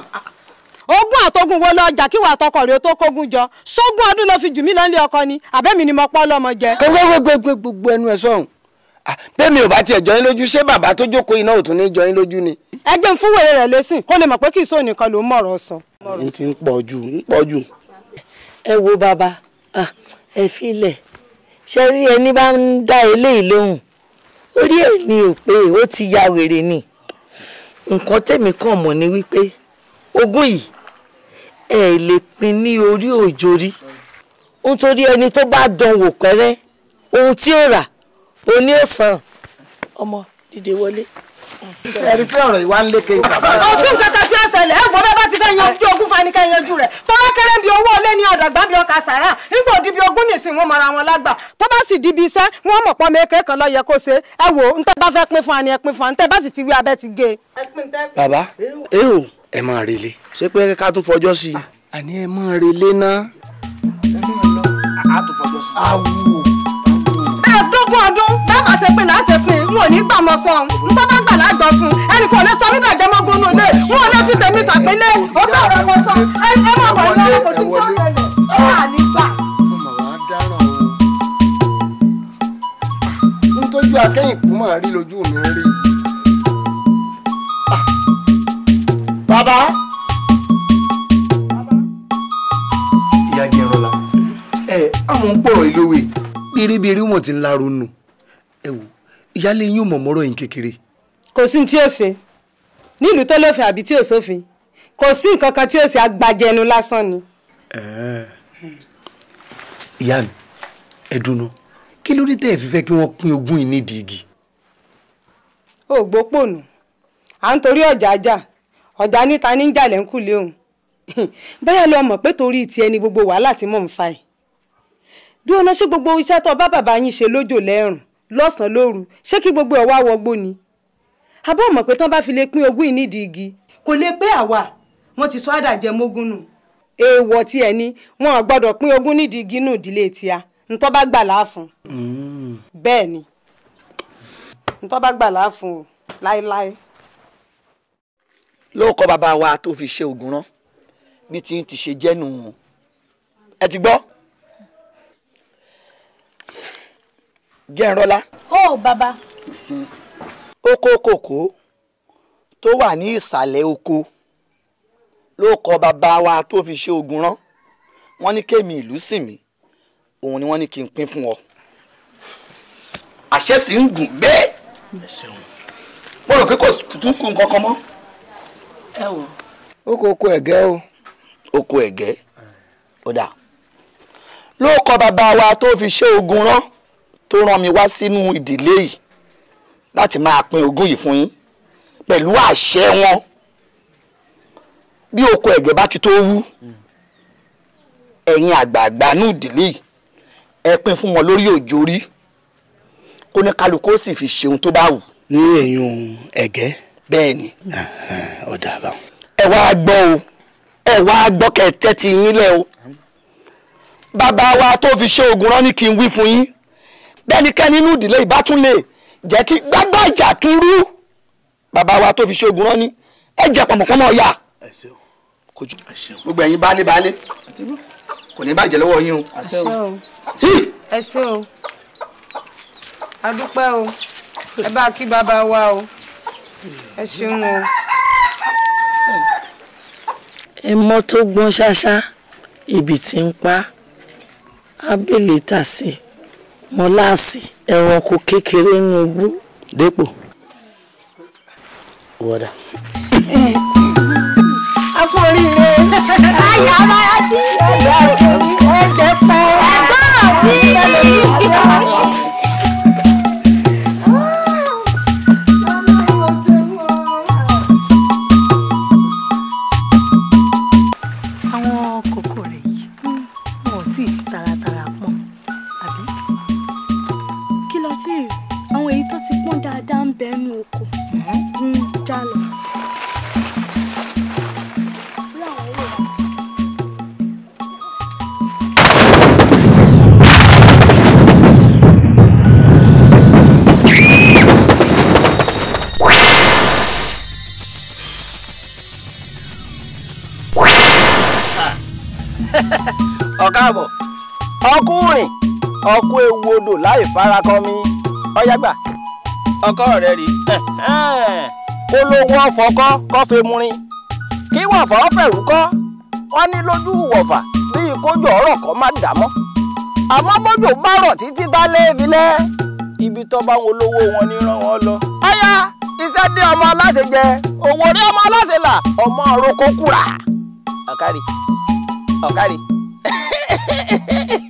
ogún àtogún wo lọ ọjà kí wàá tọkọ rèé tó kógún jọ ṣógún ọdún ló fi jù mí lọ́nlé ọkọ ni àbẹ́mi ni mo pọ́ lọ́mọ jẹ. gbogbo ẹnu ẹ sọ̀hún ah, bẹ́ẹ̀mi ò bá tiẹ̀ jọyín lójú ṣé bàbá tó jókòó iná ò tún ní jọyín lójú ni. ẹ jẹ́ ń fún wèrè rẹ̀ lẹ́sìn kó lè mọ̀ pé kì í sóò nìkan ló ń mọ̀rọ̀ sọ. n ti ń pọ̀ jù ń pọ̀ jù. ẹ wo bàbá ẹ filẹ̀ ṣe rí ẹni bá ń dá eléyìí lóhùn orí ẹ̀ ni ò pé ó ti ya wèrè ni nǹkan tèmi kàn mọ̀ ni wípé ogún yìí ẹ lè pin ní orí òjòrí nítorí ẹni tó bá dánwò pẹ́rẹ́ ohun tí ó rà òní ó san ọmọ dìde wọlé ẹni pé ọ̀rọ̀ ìwà ń léke ìjàmbá. òfin kankan tí ó ṣẹlẹ̀ ẹ gbọ́ bẹ́ẹ̀ bá ti fẹ́ yanjú ogún fanikẹ́ yanjú rẹ̀ tọ́lá kéré bí owó ọlẹ́ ní àdàgbà bí ọkà sàrà nígbà òdi bí ogún nìsín wọn mara wọn lágbà tó bá sì di ibi iṣẹ́ wọn mọ̀ pọ́ mẹ́kẹ́ kan lọ yẹ kó ṣe ẹ wò ń tẹ́ bá fẹ́ pín fún wa ni ẹ pín fún wa ń tẹ́ bá sì ti wí abẹ́ ti gé. E. bàbá ehun ẹ máa relé. ṣé pé ká tún fọjọ́ sí i. Ah, àní ẹ máa relé náà. àwù. ẹ̀ẹ́dógún ọdún bàbá ṣe pé láṣẹ pin n ò ní gbà mọ́ sọ n bá bá gbà lágbà fún ẹnì kan lè sọ mí gbàgbé mọ́gun nù lé n ò lè fi tèmi sàpélé ó bá ọ̀rọ̀ mọ́ sọ ẹ má bọ̀ ní ọ̀rọ̀ kò sí tó ṣẹlẹ̀ ó wà nígbà. n tójú akẹ́yìn kú máa rí lójú mi rí. bàbá. ìyá jẹranla ẹ àwọn ń pọ̀rọ̀ ìlówè biribiri wọn ti ń la ronú ẹ wò ìyáálé yín ò mọ̀ mọ́rọ̀ yín kékeré. kò sí tí ó ṣe nílùú tó lófin àbí tí ò sófin kò sí nǹkan kan tí ó ṣe agbájẹnu lásán ni. ìyá mi ẹ dùnnú kí ló dé tẹ́ ẹ̀ fi fẹ́ kí wọ́n pín ogún yìí nídìí igi. ògbópònù à ń torí ọ̀jà ajá ọ̀gá níta ní jàlẹ̀ ń kùlé òun bẹ́ẹ̀ lọ mọ̀ pé torí ti ẹni gbogbo wàhálà tí mò ń fa ẹ̀ dúró ná ṣé gbogbo iṣẹ́ tó bá bàbá yín ṣe lójò lẹ́rùn lọ́sàn-án lóru ṣé kí gbogbo ẹ̀ wá wọgbó ni abọ́ mọ̀ pé tán bá fi lè pín ogún yìí nídìí igi kò lè pé àwa wọn ti sọ àdàjẹ mógún nù èèwọ̀ tí ẹ ní wọn ò gbọ́dọ̀ pín ogún nídìí igi nù ìdílé tíá ntọ́ bá gbà láàfún mm. bẹ́ẹ̀ ni ntọ́ bá gbà láàfún láéláé lóòkọ́ bàbá wa tó fi ṣe ògùn rán bí tí ń ti ṣe jẹ́nu ẹ ti gbọ́ jẹ́nrọ́lá. ó bàbá. ó kó kòkó tó wà ní ìsàlẹ̀ oko lóòkọ́ bàbá wa tó fi ṣe ògùn rán wọ́n ní kémi ìlú sì mí òun ni wọ́n ní kí n pín fún ọ àṣẹ sì ń gùn bẹ́ẹ̀ mo rò pé kò tún kù nǹkan kan mọ́ ẹ wò. ó kó oko ẹ̀gẹ́ o oko ẹ̀gẹ́ o dà ló kọ bàbá wa tó fi ṣe ogun rán tó rán mi wá sínú ìdílé yìí láti máa pín ogún yìí fún yín pẹ̀lú àṣẹ wọn bí oko ẹ̀gẹ́ bá ti tó wú ẹ̀yin àgbààgbà nù ìdílé yìí ẹ pín fún wọn lórí òjòrí kó ní kálukú ó sì fi ṣe tó bá wù. ní ẹ̀yìn ẹ̀gẹ́ bẹ́ẹ̀ ni ọ̀dà àbá. ẹ wá gbọ́ o ẹ wá gbọ́ kẹ́ ẹ yín lẹ̀ o bàbá wa tó fi ṣe oògùn rán ni kí n wí fún yín bẹ́nikẹ́ni inú ìdílé ìbátúnlé jẹ́ kí gbágbá ìjà tún rú bàbá wa tó fi ṣe oògùn rán ni ẹ jẹ́ pọ̀mọ̀pọ̀mọ̀ ọ̀yà gbogbo ẹ̀yin baálé baálé kò ní bàjẹ́ lọ́wọ́ yín o. ẹ ṣé o a o ẹ bá kí bàbá wa o ẹ ṣeun o. ẹ mọ́ tó gbọ́n ṣáṣá ibi tí ń pa abèlè tàsí mọ́láàsì ẹranko kékeré ń gbó. dépò wọ́dà. a kú oríire ayé amáyá tí ẹgbẹ́ òkè ẹgbẹ́ pẹ́ ẹgbẹ́ òkè bẹ oko ń já lọ. ọ̀káàbọ̀ ọkùnrin ọkú ewu odò láì farakọ mi ọ̀yá ọkọ rẹ rí ó lówó ọ̀fọ̀kọ́ kọ́fẹ́ murin kí wọ̀fà ọ̀fẹ̀rù kọ́ wọ́n ní lójú wọ̀fà bíi kójú ọ̀rọ̀ kọ́ má dàmọ́ àmọ́ bójú bá rọ̀ títí tá léèfi lẹ́ ibi tó bá wọn olówó wọn ní rán wọn lọ. ọ̀yá iṣẹ́ dé ọmọ aláṣẹ jẹ òwò rí ọmọ aláṣẹ là ọmọ orokó kúrà. ọ̀kárì ọ̀kárì. [laughs]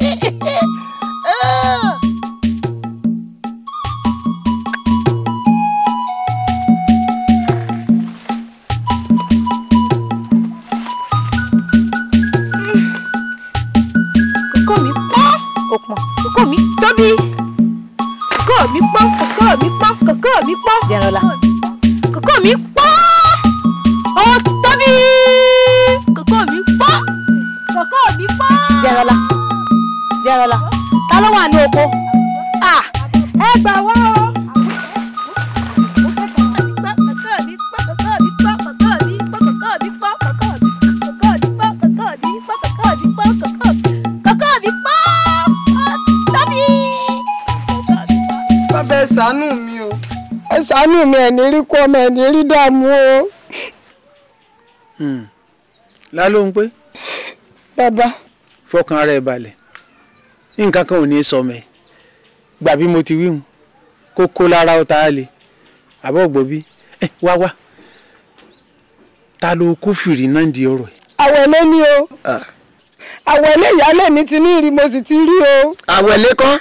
tóbi kókó mi pọ́n kókó mi pọ́n kókó mi pọ́n jẹrọla kókó mi pọ́n ó tóbi kókó mi pọ́n kókó mi pọ́n jẹrọla jẹrọla ta ló wà ní oko ẹ gbà wá o. ṣàánú mi o. ẹ ṣàánú mi ẹni rí kú ọmọ ẹni rí dààmú o. Hmm. lálóhun pé. bàbá. fọkàn ara ẹ balẹ̀ nǹkan kan ò ní í sọmọ mo ti wi hun kó kó lára ọ̀tá àlè àbọ̀ ògbóbí ẹ wá wá ta ló kófìrí náà di ọ̀rọ̀ ẹ. ni o ah. àwẹ̀lé ìyálé mi ti ní mo sì ti ri o. àwẹ̀lé kan.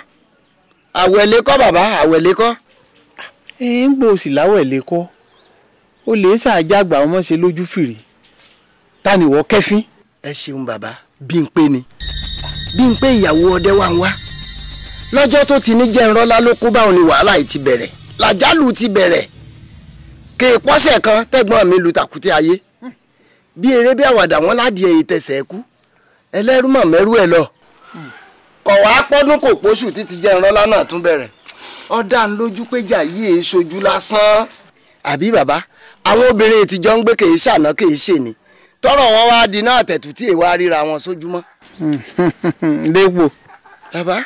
àwẹ̀lé kọ́ bàbá àwẹ̀lé kọ́. ẹ ń gbọ́ òsì láwẹ̀lé kọ́ ó lè ṣàjàgbà ọmọ ṣe lójú fìrí ta ni wọ́n kẹ́fín. ẹ ṣeun bàbá bí n pé ni bí n pé ìyàwó ọdẹ wa ń wá lọ́jọ́ tó ti ní jẹ́ ńrọ́lá ló kó báwọn ni wàhálà yìí ti bẹ̀rẹ̀ làjálù ti bẹ̀rẹ̀ kè é pọ́sẹ̀ kan tẹ́gbọ́n mi lu tàkúté ayé bí eré bí àwàdà wọn ládìẹ ètẹ̀sẹ̀ kú ẹlẹ́rú mọ̀ mẹ́rú lọ kọ̀ wá pọ́dún kò pósù títí jẹ́ ìrànlọ́lá náà tún bẹ̀rẹ̀ ó dá ń lójú pé jàyí èé ṣojú lásán. àbí bàbá àwọn obìnrin ìtìjọ ń gbé kèé ṣàná kèé ṣe ni tọrọ wọn wá di náà tẹ̀tù tí èèwà ríra wọn sójúmọ́. lépo [laughs] bàbá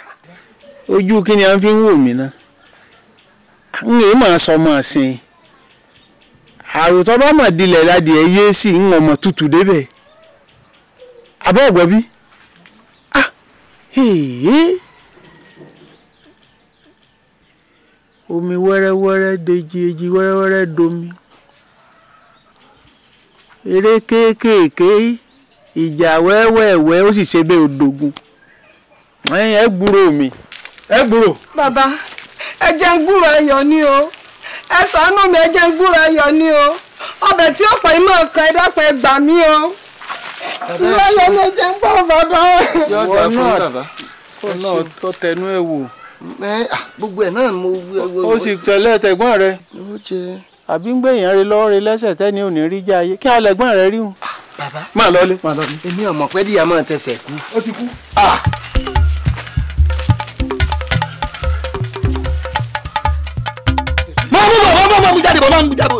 ojú kí ni a fi ń wò mí ná n èé máa sọ ọmọ àsìn àròtọ́ bá mà dilẹ̀ ládìẹ yé sí ń ọmọ tútù débẹ̀ abọ́ ọ̀gbọ́n bíi omi wẹ́rẹ́wẹ́rẹ́ deji eji wẹ́rẹ́wẹ́rẹ́ domi eré kéékèèké ìjà wẹ́wẹ́wẹ́ ó sì ṣe odogun ẹ gbúrò mi ẹ gbúrò. bàbá ẹ jẹ́ ni o ẹ ṣàánú mi ẹ jẹ́ ń ni o ọbẹ̀ tí ọ̀pọ̀ ìmọ̀ edepo ẹ lọ́yọ̀ sì tẹ̀lé tẹ̀gbọ́n rẹ̀. àbí ń gbèyàn rẹ lọ́wọ́ rẹ lẹ́sẹ̀ tẹ́ni ò ní rí jẹ́ ayé kí alẹ́gbọ́n rẹ rí hùn. bàbá máa máa èmi ọmọ díyà máa tẹsẹ̀ kú. ó ti kú. mú mú jáde mú jáde.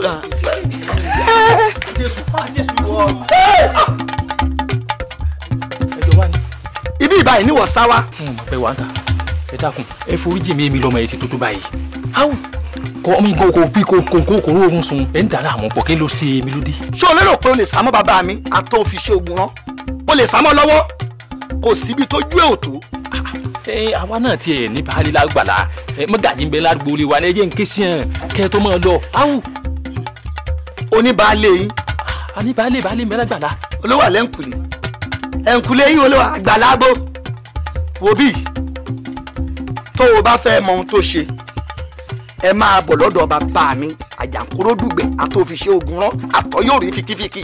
báyìí níwọ̀ sáwá. ẹ wà á ta ẹ dákun ẹ forí jì mí èmi lọmọ ẹ ti tó báyìí. áwù kọ ọmọ ìgò kò bí kò kò kò ró oorun sùn ẹ ń dàrá àwọn pọ̀ kí ló ṣe mí lódì. ṣé o lérò pé o lè sá mọ́ bàbá mi àtọ́ fi ṣe oògùn rán o lè sá mọ́ lọ́wọ́ kò síbi tó jú èò tó. ẹ àwa náà tiẹ̀ ní baálé lágbàlá ẹ mọ́gàjì ń bẹ ládùúgbò lè lẹ́yìn kí sàn kẹ́ ẹ tó máa lọ áwù. oníbaálé yín. a ní baálé baálé ń bẹ lágbàlá. olówó àlẹ́ ń kulè yín olówó àgbàlá gbó òbí tó o bá fẹ́ mọ ohun tó ṣe ẹ máa bọ̀ lọ́dọ̀ bàbá mi àjàǹkóró dùgbẹ̀ àtòfiṣe ogun rán àtọ́yọ̀rí fikifiki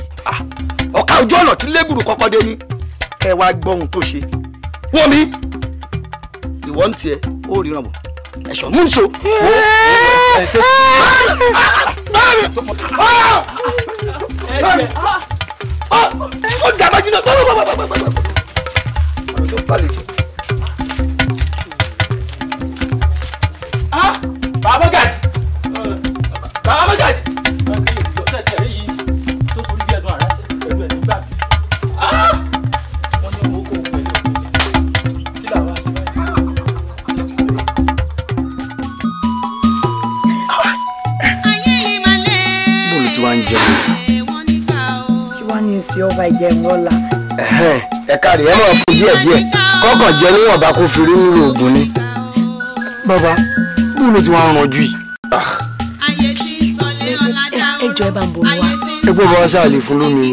ọ̀ka ojú ọ̀nà tí lẹ́gbùrú kọ́kọ́ dé ní kẹ́ wá gbọ́ ohun tó ṣe wọ́n mi ìwọ ń tiẹ̀ ó ríran bọ̀ ẹ̀ṣọ́ mú ìṣó. ó dàgbà jùlọ. Ah, bàbá gàdì bàbá gàdì. tí ó bá jẹ ńlọ́la. ẹ káàrí ẹ máa fún díẹ̀ díẹ̀ kọ́kàn jẹ níwọ̀nba kó fi rí nílò oògùn ni. bàbá bó ló ti wá ń ranjú yìí. ẹjọ ẹ bá ń bọ wá. ẹgbẹ́ bá wá lè fún lómi ni.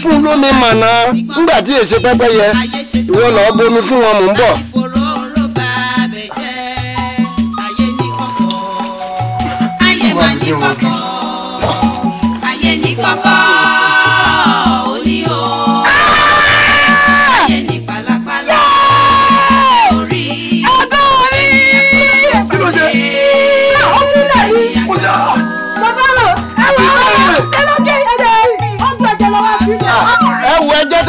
fún lómi màná nígbà tí èsì pẹ́pẹ́ yẹ ìwọ lọ́ọ́ bomi fún wọn mò ń bọ̀.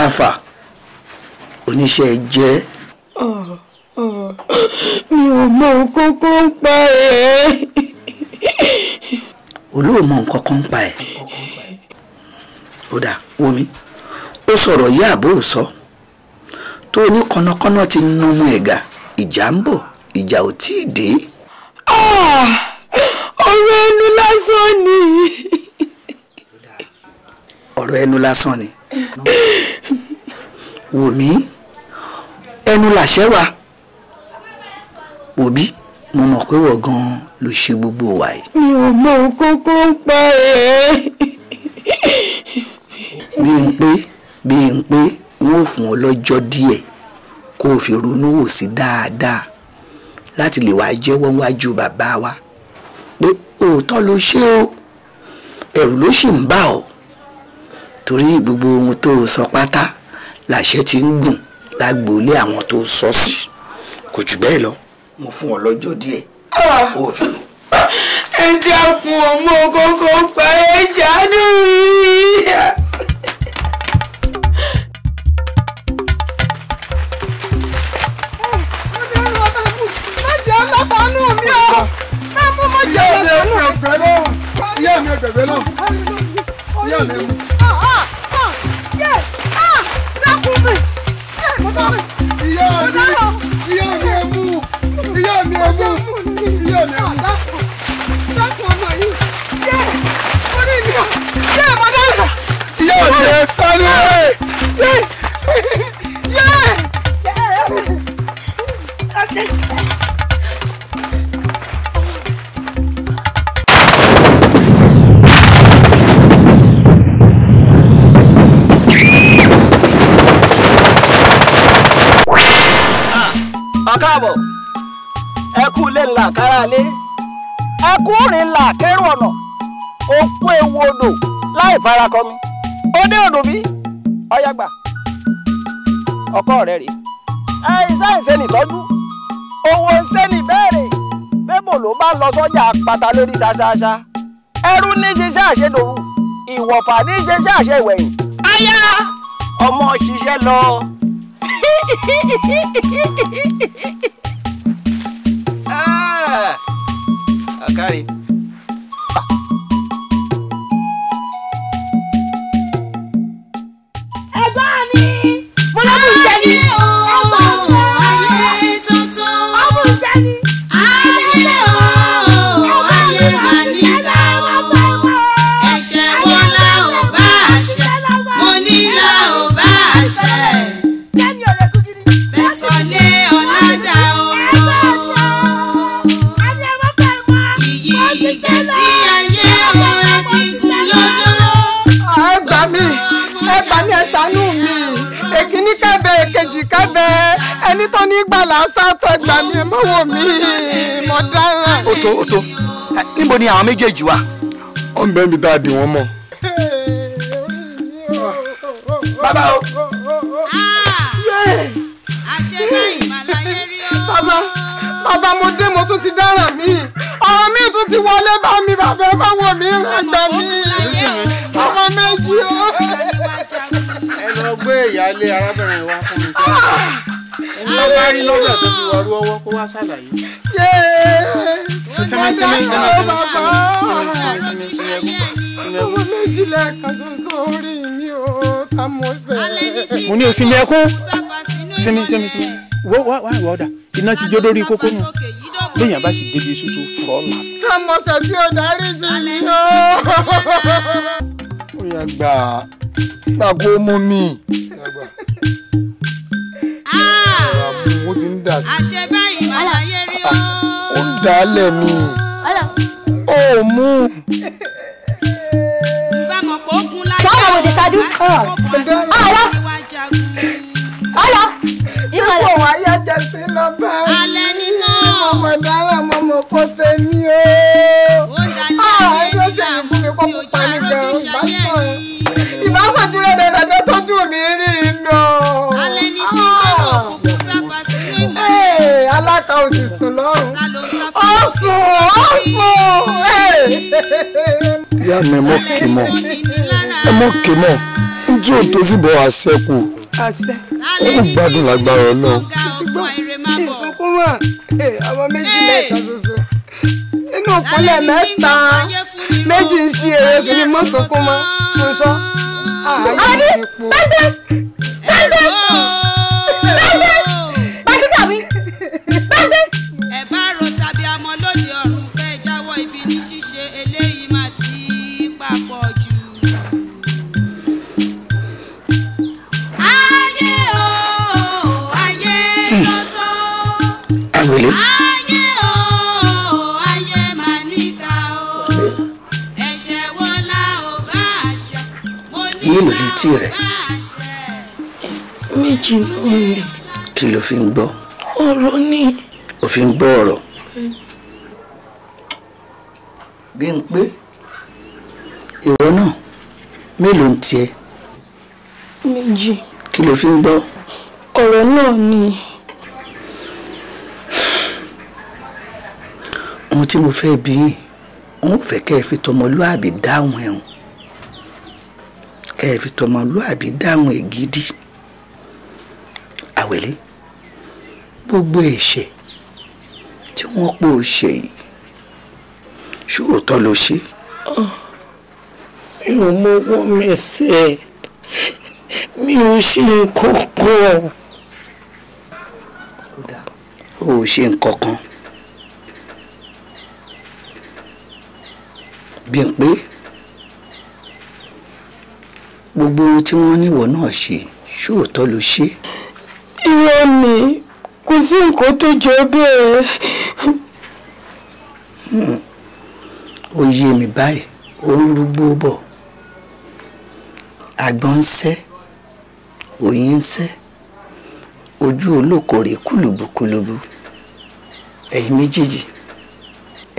káfà oníṣẹ́ jẹ́. mi ò mọ nǹkan kan pa ẹ́. olóòmọ nǹkan kan pa ẹ́ ó dà wọmi ó sọ̀rọ̀ yí àbó sọ tó ní kọ́nàkọ́nà ti numu ẹ̀gà ìjà ń bọ̀ ìjà ò tí ì dé. Ah, ọ̀rọ̀ ẹnu lásán ni. ọ̀rọ̀ ẹnu lásán ni wòmí ẹnu làṣẹ wa òbí mo mọ̀ pé wọ̀ gan-an ló ṣe gbogbo wa yìí. mi ò mọ kókó ń pa ẹ́. bí n pé bí n pé n ó fún ọ lọ́jọ́ díẹ̀ kó o fi ronú wò sí dáadáa láti lè wàá jẹ́wọ́ wájú bàbá wa pé òótọ́ ló ṣe o ẹ̀rù ló sì ń bà ọ́ torí gbogbo ohun tó sọ pátá làṣẹ ti ń gùn lágbóolé àwọn tó sọ sí kò jù bẹ́ẹ̀ lọ mo fún ọ lọ́jọ́ díẹ̀ ah. kó o fi lò. ẹ dákun ọmọ kókó pa ẹ ṣàánú mi. ṣàánú mi o. ẹ mú mọ jẹ́ ọ̀sán náà. ìyá mi ẹgbẹ̀rún dákun káàbọ̀ ẹ kú ilé ńlá káralé ẹ kú rìn ńlá kẹrù ọ̀nà òkú ewu odò láì farakọmi ó dé odò bí ọyàgbà ọkọ rẹ rèé ẹ iṣẹ́ ìṣẹ́ni tọ́jú owó ìṣẹ́ni bẹ́ẹ̀rẹ̀ bébò ló bá lọ sọ́jà pátá lórí ṣaṣaṣa ẹrú ní ṣiṣẹ́ àṣedòru ìwọ̀fà ní ṣiṣẹ́ àṣewẹ̀yìn. aya ọmọ ṣiṣẹ́ lọ. Ah, Akari. Ẹ̀gbọ́n mi! Mo lọ́dún ìjà. gbà mí ẹ ṣàánú mi èkíní kẹbẹ èkejì kẹbẹ ẹni tó ní gbàlà sátọ gbà mí ẹ mọwọ mi mọ dára. ó tó ó tó níbo ni àwọn méjèèjì wà. ó ń bẹ́ẹ̀ mi tá a dì wọ́n mọ́. bàbá o. Ah! àṣẹ bàbá bàbá mo dé mo tún ti dáràn mí ọ̀rọ̀ mi tún ti wọlé bá mi bàbá ẹ bá wọ̀ mí gbà mí. lọ gbé ìyáálé arábìnrin wa fún mi kí wọ́n sọ ẹni tó bá rí lọ́gbà tó fi wọrú ọwọ́ kó wá ṣàlàyé. ọmọlẹ́jìlá kan ṣoṣo orí mi ò ta mọ́ sẹ́yìn. mo ní o sinmi ẹkún sinmi sinmi sinmi wọ́n wá wá wọ́ọ́dà iná ti jó lórí kókó nù léèyàn bá sì débi ṣoṣo fọ́ ọ̀la. ká mọ̀ sẹ́tí ò dárí jì mí o. ó [laughs] yà gbà á gbà kó mú mi. Ah! àṣẹ báyìí máa láyé rí o. ó ń dálẹ̀ mi. ó mú. bámọ̀ pé ó kun láyé o. sọ́wọ́ òde ṣáájú. ọ̀la ọ̀la ìmọ̀lẹ̀. ọ̀la ìyá jẹ sí lọ́ba. alẹ́ nínú. ọmọ ọ̀daràn ọmọ ọmọ kò fẹ́ mi o. ò sì sùn lọ́rùn ó sùn ó sùn. ìyá mi mọ kì mọ ẹ mọ kì mọ njẹ o tó sì bọ àṣẹ kù ó ń gbádùn lágbára Ọlọ́run. ìsọkún mọ àwọn méjì mẹ́ta ṣoṣo inú ọpọlẹ mẹ́ta méjì ń ṣe èrè sí ni mọ sọkún mọ mo sọ. àdé bẹ́ẹ̀ bẹ́ẹ̀. etí rẹ. méjì náà ni. kí ló fi ń gbọ́. ọ̀rọ̀ ni. o fi ń gbọ́ ọ̀rọ̀. bí n pé ìwọ náà mélòó ń tiẹ̀. méjì. kí ló fi ń gbọ́. ọ̀rọ̀ náà ni. ohun tí mo fẹ́ bí n ò fẹ́ kẹ́ ẹ fi tọmọlúàbí dáhùn ẹ̀hún kẹ́ ẹ fi tọmọlúàbí dáhùn ègídí àwẹ̀lé gbogbo ẹ̀ṣẹ̀ tí wọ́n pò ṣe yìí ṣòótọ́ ló ṣe. mi ò mọwọ́ mẹsẹ̀ mi ò ṣe nǹkan kan. o ò ṣe nǹkan kan. bí n pé gbogbo ohun tí wọ́n níwọ̀ náà ṣe ṣóòótọ́ ló ṣe. irọ́ ni kò sí nǹkan tó jọ bẹ́ẹ̀. Hmm. ó yé mi báyìí ó ń rúgbó bọ̀ àgbọn ń sẹ́ òyìn ń sẹ́ ojú olóko rẹ̀ kùlùbùkùlùbù ẹ̀yin méjèèjì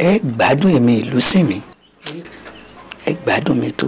ẹ gbádùn èmi ìlú sí mi ẹ gbádùn mi tó.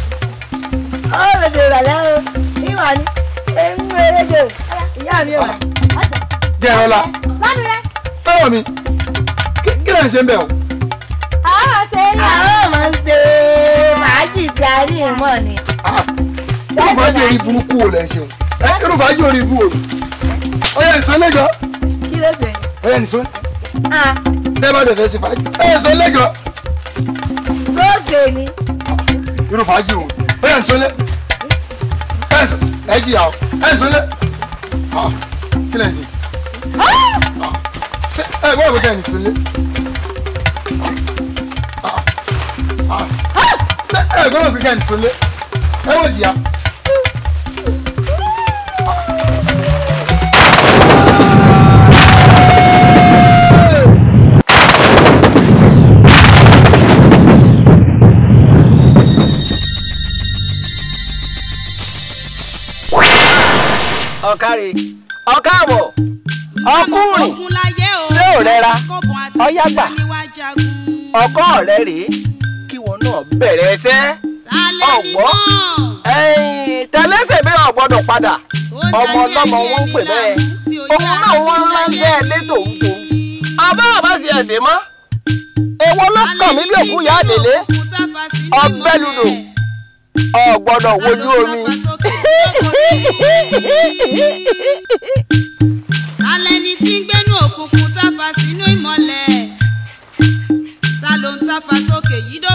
ó bèbè ìrọ̀lẹ́ o ìwà ni èmi wẹ̀rẹ̀dẹ̀ ìyá mi wà. jẹrọla fẹ́ràn mi kí lẹ́yìn ṣe ń bẹ̀ o. àwọn ṣe é ní àwọn ọmọ ń ṣe fàájì tí a ní ìmọ̀ ni. irú fàájì orí burúkú wo lẹ́ ń ṣeun eh, irú fàájì orí ibú òyìn ọyẹ nìṣó lẹ́jọ́. kí ló ṣe. ọyẹ nìṣó. tẹ́ bá tẹ̀ fẹ́ ṣe fàájì ọyẹ nìṣó lẹ́jọ́. sóòṣè ni. Ah, irú fàájì òyìn ó yẹ nsọlẹ ẹ jìyà o ẹ nsọlẹ ah, kí lẹ ń sè ah, ẹ gbọ́dọ̀ kẹ́ ẹ nsọlẹ ah, ẹ gbọ́dọ̀ kẹ́ ẹ nsọlẹ ẹ wọ́n jìyà. láre ọ̀káàbọ̀ ọkùnrin ṣé ò rẹra ọ̀yàgbà ọkọ rẹ rèé kí wọn náà bẹ̀rẹ̀ ẹsẹ̀ ọ̀gbọ́ tẹ̀lẹ́sẹ̀ bí ọ̀gbọ́dọ̀ padà ọmọ ọlọ́mọ wọn ń pè bẹ́ẹ̀ òun náà wọ́n ń ránṣẹ́ létò òǹtò abẹ́ àbáṣe ẹ̀dẹ́ mọ́ èwo ló kàn bí òkú yá àdèlé ọbẹ̀ lulò ọ̀gbọ́dọ̀ wojú omi alẹ́ ni tí ń gbẹ́nu òkùnkùn táfa sínú ìmọ̀lẹ̀ ta ló ń táfa sókè yìí dó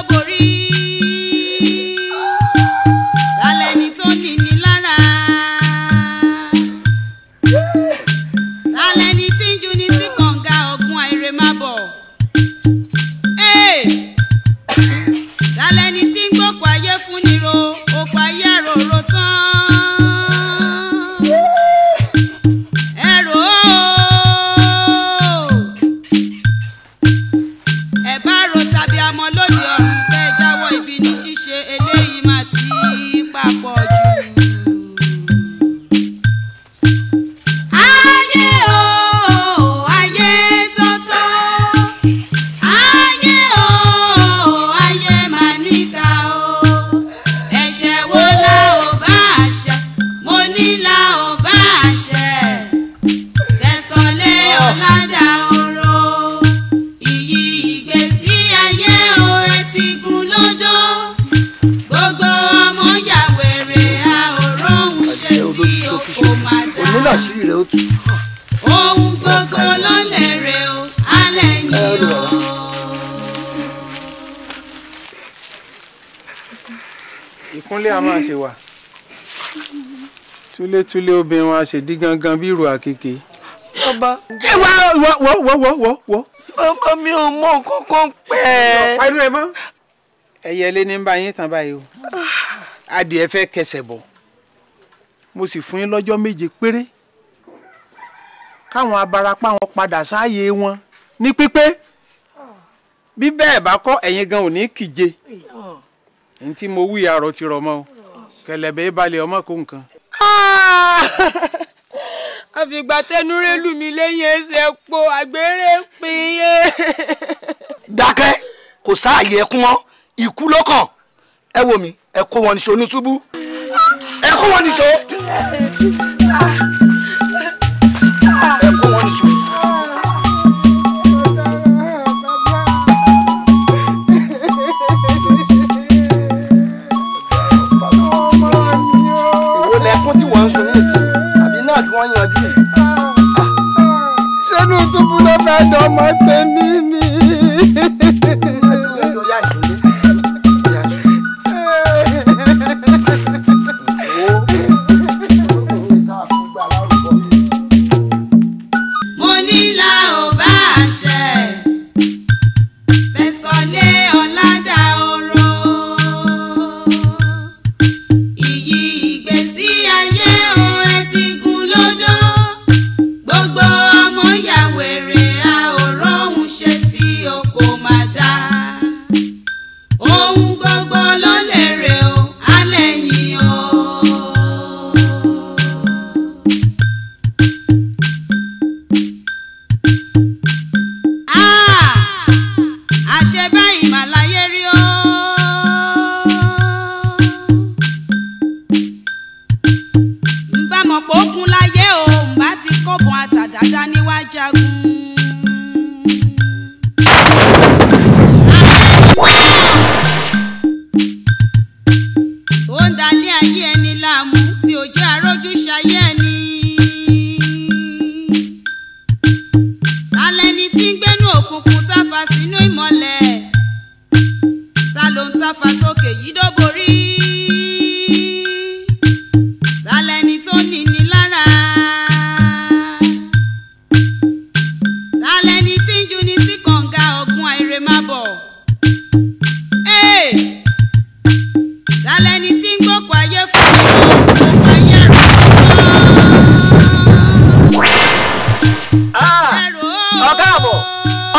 túlé obìnrin wọn a ṣe dí gangan bí ìrù àkèké. bàbá. ẹ wá wọ wọ wọ wọ wọ. bàbá mi ò mọ kankan pẹ́. lọ parí rẹ mọ. ẹyẹlé ní bá yín tán báyìí o adìẹ fẹ́ kẹsẹ̀ bọ̀ mo sì fún yín lọ́jọ́ méje péré káwọn abarapá wọn padà sáàyè wọn ní pípé bí bẹ́ẹ̀ bá kọ́ ẹ̀yin gan ò ní kíje ní tí mo wí àrò ti rọ̀ mọ́ o kẹlẹ̀bẹ̀ balẹ̀ ọmọ kó nǹkan. Ah! [laughs] àfìgbà tẹnurẹ́ lù mí lẹ́yìn ẹsẹ̀ po àgbèrè pín yé. dákẹ́ kò sáàyè ẹkún wọn ikú ló ẹ wò mí ẹ kó wọn níṣó ní ẹ kó wọn níṣó. I don't mind me.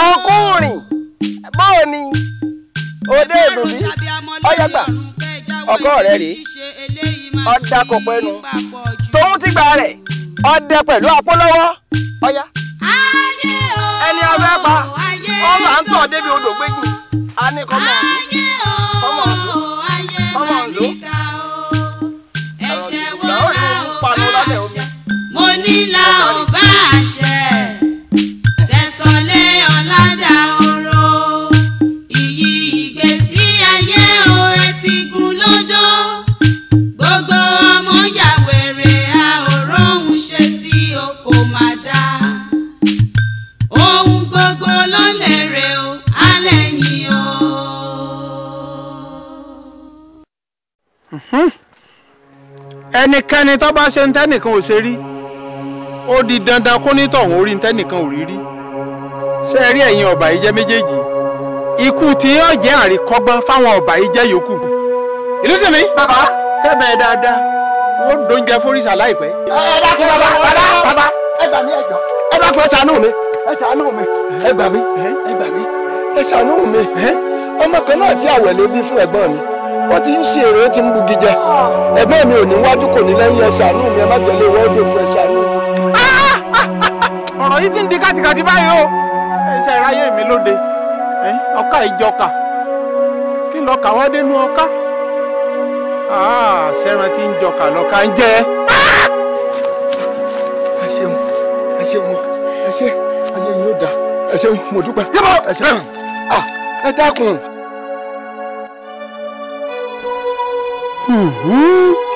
Ọkụ báwo ni òde ìdùnnú ọyàgbà ọkọ rẹ rèé ọdà kò pẹnu tòun ti gbà rẹ ọdẹ pẹ̀lú apó lọ́wọ́ ẹni ọbẹ pa ọmọ à ń tọ débi odò ẹnikẹ́ni tó bá ṣe ń tẹ́nìkan ò ṣe rí ó di dandan kó nítọ̀hún orí ń tẹ́nìkan ò rí rí ṣé ẹ rí ẹ̀yin ọ̀bà yìí jẹ́ méjèèjì ikú tí yóò jẹ́ àríkọ́gbọ́n fáwọn ọ̀bà yìí jẹ́ yòókù ìlú sì mi. bàbá kẹ́mẹ̀ dáadáa wọ́n dóúnjẹ fóríṣà láìpẹ́. ẹ dákun bàbá bàbá bàbá ẹ gbà mí ẹ jọ ẹ dákun ẹ ṣàánú mi ẹ ṣàánú mi ẹ gbà mí ẹ gbà mí ẹ ṣàánú mi ọmọ kan náà tí àwẹ̀lé bí fún ẹ̀gbọ́n mi wọ́n ti ń ṣe èrè ó ti ń bugi jẹ ẹ̀gbọ́n mi ò ní wájú kò ní lẹ́yìn ẹ ṣàánú mi ẹ má jẹ́ lé wọ́ọ́dọ̀ fún ẹ ṣàánú. [laughs] ọ̀rọ̀ yìí ti ń di kàtìkàtì báyìí o ẹ̀ṣẹ̀ ìráyè mi lóde ọkà ìjọkà kí lọ́kà wá dénú ọkà sẹ́ran ah, tí ń jọkà lọ́kà ń jẹ́. ẹ ṣeun ẹ ṣeun ẹ ṣe mo dúpẹ́ ẹ ah, dákun.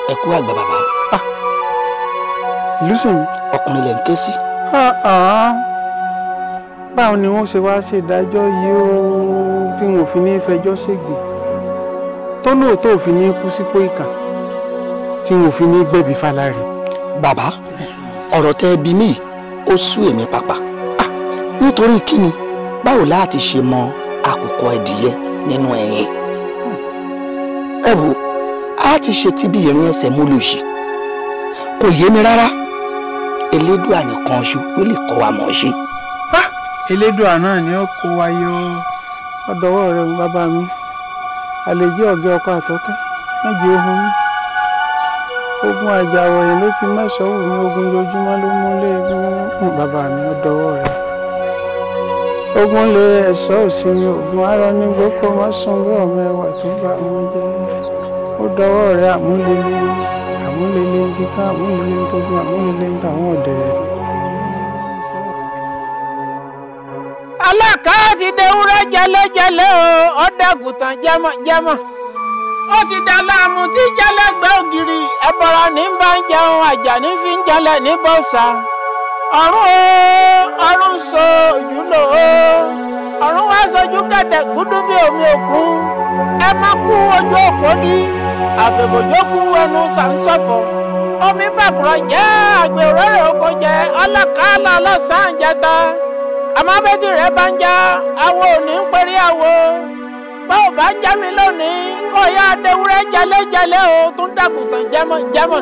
ẹ kú àgbà bàbá. Ah. ìlú sì ni. ọkùnrin lè ń ké sí. Ah, ah. báwo ni wọ́n ṣe wá ṣe ìdájọ́ yìí ó tí wọn ò fi ní fẹjọ́ ṣègbè tó lóòótọ́ ò fi ní kú sípò ìkà tí wọn ò fi ní gbẹ̀bí falárẹ̀. bàbá ọ̀rọ̀ tẹ́ ẹ bí mi ó sú èmi pàpà nítorí kíni báwo láti ṣe mọ àkùkọ ẹdìyẹ nínú ẹyin ẹ wò a ti ṣe ti bí ìrìn ẹsẹ̀ mú lò yìí kò yé mi rárá elédùà nìkan ṣu ló lè kọ́ wa mọ̀ ṣe. elédùà náà ni ó kó wa yọ ọdọwọ rẹ ń bàbá mi àlejò ọgẹ ọkọ àtọkẹ méje ohun mi ogun àjàwọ̀ yẹn ló ti mẹ́sàn-án ogun lójúmọ́ ló mú lé egun bàbá mi ọdọwọ rẹ ogun lé ẹ̀sọ́ òsì ogun arọ ní gbókò má sùn ọmọ ẹwà tó bá wọn jẹ́. ó dọwọ́ rẹ àmúlélé àmúlélé ń ti ká àmúlélé ń tójú àmúlélé ń tàwọn o ó ti da láàmú tí jẹlẹ́gbẹ́ ògiri ẹ̀bọ̀rọ̀ ní bá ń jẹun àjà ní fi ń jẹlẹ̀ ní bọ́sà ọ̀run o ọ̀run so òjúlò o ọ̀run wá sojú kẹ̀dẹ̀ gúdú bí omi òkun ẹ má kú ojú àfẹ̀mọ̀jókù ẹnu sàǹsọ̀fọ̀ omi bàkúrọ̀ jẹ́ àgbèrò rẹ̀ oko jẹ́ ọlọ́kàálà ọlọ́sàn jẹta àmọ́bẹ́tì rẹ̀ bá ń já awo òní ń perí awo bá ò bá jẹ́ mi lónìí kó yá adéwúrẹ́ jẹlẹ́jẹlẹ́ o tún dàkùtàn jẹmọ̀ jẹmọ̀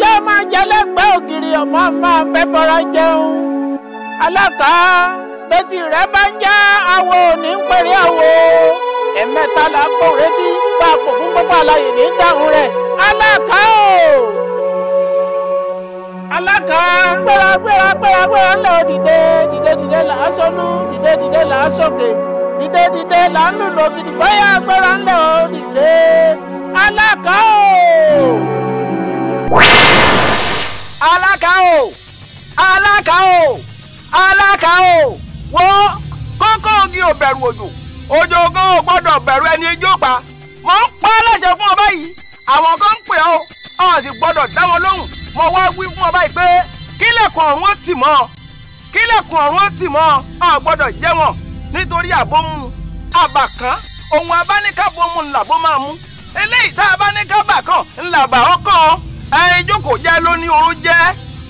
yóò máa jẹlẹ́gbẹ́ ògiri ọmọ máa bẹ́ bọ́ra jẹun alákàá bẹ́tì rẹ̀ bá ń já awo òní ń perí awo ẹ̀mẹ́ta là ń bọ̀ retí bá a pò fún ní dáhùn rẹ̀ aláka o aláka gbéra gbéra gbéra gbéra ńlẹ̀ dìde dìde dìde là á sọnù dìde dìde là á sọkè dìde dìde là ń lùlù ògidì bóyá gbéra ńlẹ̀ dìde aláka o. aláka o aláka o aláka o wo kókó ogi ò bẹ̀rù òjò ojoogo ò gbọ́dọ̀ bẹ̀rù ẹni ijó pa mo ń pa á láṣẹ fún ọ báyìí àwọn kan ń pè ọ́ ọ sì gbọ́dọ̀ dá wọn lóhùn mo wá wí fún ọ báyìí pé kílẹ̀kùn ọ̀run ó tì mọ́ kílẹ̀kùn ọ̀run ó tì mọ́ ọ gbọ́dọ̀ jẹ́ wọn nítorí àbómú àbàkán ohun abánikábòmù ńlàbó máa mú eléyìí tá a bá ní ká bà kàn ńlàbà ọkọ ẹyin jókòó jẹ lóní oró jẹ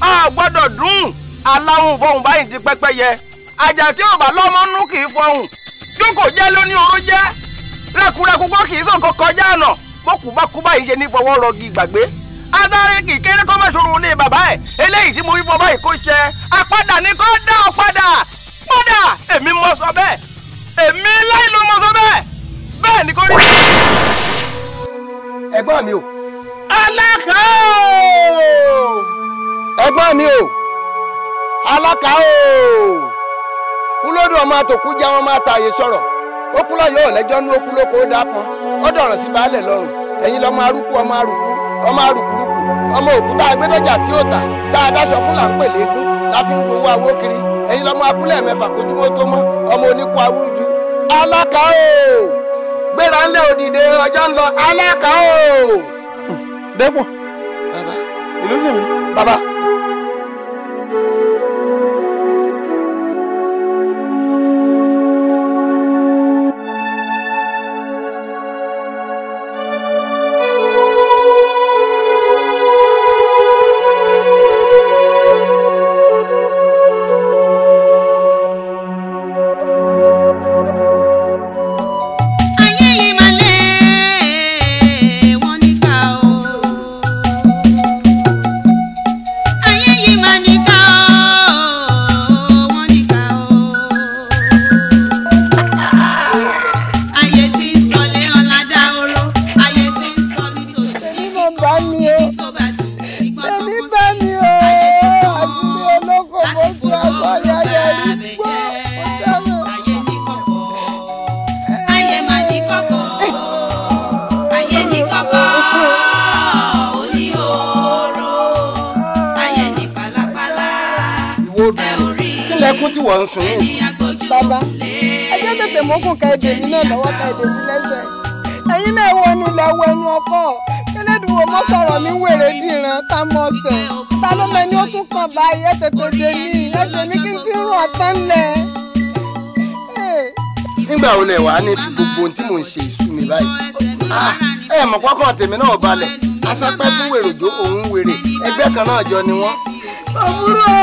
ọ gbọ́dọ̀ dùn aláwọn fọhùn báyìí ti pẹ́pẹ́yẹ àjà tí ò bá lọ́mọ nú kì í fọhùn jókòó jẹ́ lóní oró jẹ́ rákúrákú kó kì í sàn kọ́ kọjá àná bọ́kùbákùbá yìí ṣe ní fọwọ́ rọgì ìgbàgbé adarí kékeré kọ́ máa ṣòro ní bàbá ẹ̀ eléyìí tí mo rí fọwọ́ yìí kó ṣe apádà ni kó dá ọ padà padà èmi mọ sọ bẹ́ẹ̀ èmi láì ló mọ sọ bẹ́ẹ̀ bẹ́ẹ̀ ni kò rí. ẹ̀gbọ́n mi o. alákà o. ẹ̀gbọ́n mi o. alákà o kú lódò ọmọ àtòkú já wọn máa ta àyè sọ̀rọ̀ ó kú lọ́yọ̀ ọ̀lẹ́jọ́ nú ó kú dá pọn ó dọ̀ràn sí baálẹ̀ lọ́rùn ẹ̀yin lọ́mọ arúkú ọmọ arúkú ọmọ arúkúrúkú ọmọ òkúta agbẹ́dọ́jà tí ó tà tá a dáṣọ fún là ń pè gbowó awó kiri ẹ̀yin lọ́mọ abúlẹ̀ mẹ́fà kojúmọ́ tó mọ́ ọmọ oníkú awúrúju alákà o gbéra ńlẹ̀ òdìdè ọjọ́ ń lọ alákà o. dẹ́pọ̀ bàbá ìlú sì mi. bàbá láì ẹ tètè dé mí ẹ tètè mí kí n ti rún ọ̀tán lẹ̀. nígbà wo lẹ wà á ní fi gbogbo ohun tí mò ń ṣe ìṣú mi báyìí ah, ẹ mọ̀ kọ́kọ́ tèmi náà balẹ̀ aṣápẹ́ fún wèròjó òun wèrè ẹgbẹ́ kan náà jọ ni wọ́n. òwúrọ̀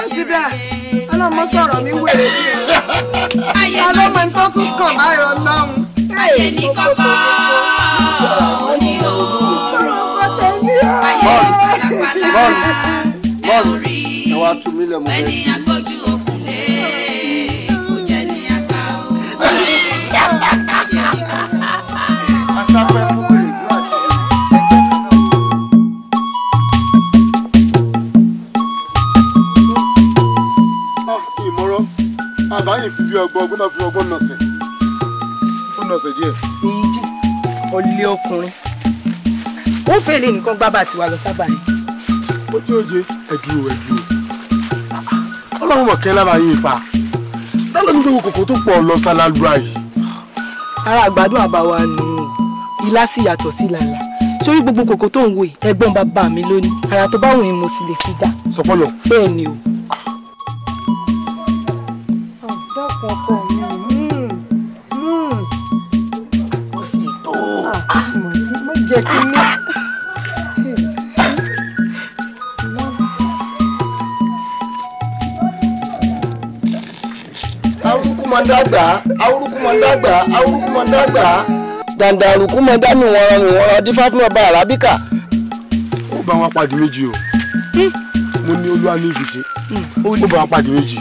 àtidá ọlọ́mọ sọ̀rọ̀ mi wèrè ọlọ́mọ tó tún kàn báyọ̀ náà. ayé ní kọ́kọ́ òní bọ́ọ̀lù bọ́ọ̀lù bọ́ọ̀lù ẹ wá tú mí lẹ́mu rẹ. aṣáfẹ́ fún mi. àbá yìí fi bí ọgbọ́n ọgbọ́n máa fi ọgbọ́n nọ̀sẹ̀ ó nọ̀sẹ̀ díẹ̀. èyí jẹ́ ọlẹ́ ọkùnrin ó fèlè nìkan gbábà tiwa lọ sábà yẹn. ojú oje ẹdùrú ẹdùrú ọlọ́run mọ̀kẹ́ lára yín ipa lálọ́ ní gbogbo kòkó tó pọ̀ lọ sálálúra yìí. ara àgbàdo àbáwá nù ilá sì yàtọ̀ sí làlà sórí gbogbo kòkó tó ń wò yìí ẹ̀gbọ́n bàbá mi lónìí ara tó bá wùn mo sì lè fi dá. sọpọlọ. bẹ́ẹ̀ ni o. ọ̀dọ́kọ̀ ah, ọkọ mi hmm, hmm. ó sì tó. Ah, ah, má jẹ́ dàgbà awúrúkú mọ̀ ń dàgbà awúrúkú mọ̀ ń dàgbà. dàndàrùkú mọ̀ dánù wọn rìn wọn ọdí fáfún ọba ó bá wọn pàdé méjì o hmm. mo ní olúwa ní ìfìṣe hmm, ó bá wọn pàdé méjì.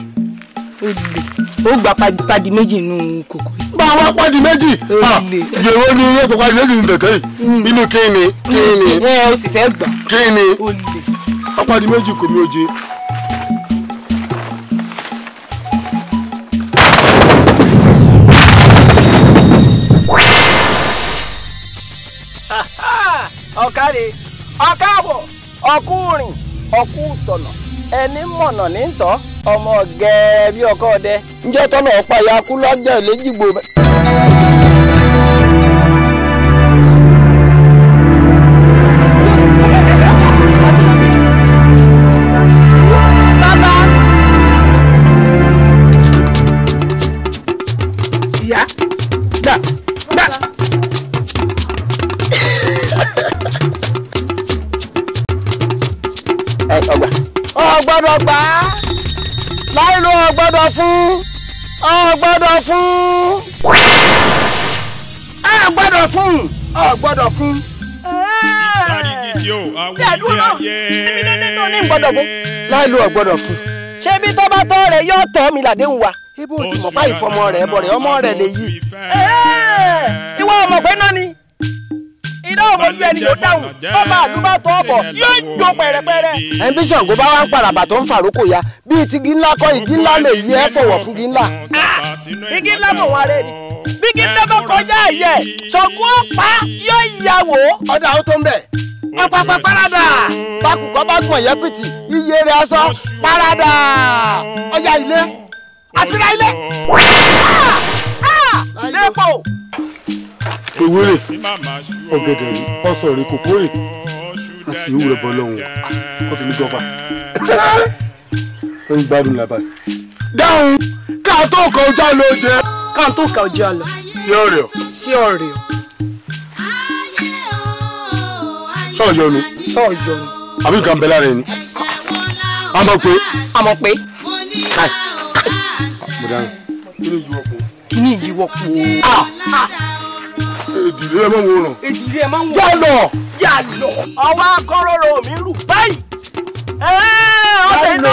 ó gba pàdé méjì nù kòkó yìí. bá wọn pàdé méjì yòówó ni yóò pàdé méjì nù tẹ̀tẹ̀ yìí inú hmm. kíni kíni. ẹ o sì fẹ́ gbà. kíni ọ̀pàdé méjì kò mí oje. ọ̀káàbọ̀ ọ̀kùnrin ọkụ ẹni eni ní tọ́ ọmọ gẹ́ẹ́ bí ọkọ ọdẹ. ǹjẹ́ tọ́nà ọ̀pá ya kú lọ́jọ́ gbọ́dọ̀ fún. láìlú ọ̀gbọ́dọ̀ fún. ṣé bí tó bá tọ́ rẹ̀ yóò tọ́ mi làdéhùn wa. ibo tí mo bá ìfọmọ rẹ̀ bọ̀ rẹ̀ ọmọ rẹ̀ lè yí. ìwọ ọmọ pé náà ni iná ọmọ ẹni yóò dáhùn àdúgbò tó ọbọ yóò jó pẹrẹpẹrẹ. ambition bá wá ń tó ń ọpọpọ parada bákùkọ bá gbọn yẹpìtì iye rẹ aṣọ parada ọya ilé àtìrá ilé ah! ah! lẹ́pọ̀. ewúrẹ́ ọ̀gẹ̀dẹ̀ rí ọ̀sán rí kòkó rè àti ìwúrẹ́ bọ́ lọ́hùn kọ́tù ní jọba ń gbádùn làbá. dáhùn káà tó kọjá ló káà tó kọjá lọ. sí ọ̀rẹ́ o. sí ọ̀rẹ́ o. sọ̀rọ̀ yọnu. sọ̀rọ̀ yọnu. àbí nǹkan bẹ́ẹ̀ lára ẹni. a mọ̀ pé. a mọ̀ pé. káì mo dáhùn. kí ni ìyíwọ́ po. kí ni ìyíwọ́ po. Ah! Ah! èdìrí ẹ máa ń wòran. èdìrí ẹ máa ń wòran. yà lọ. ọwọ́ akọ́rọ́rọ́ mi rù báyìí láìlo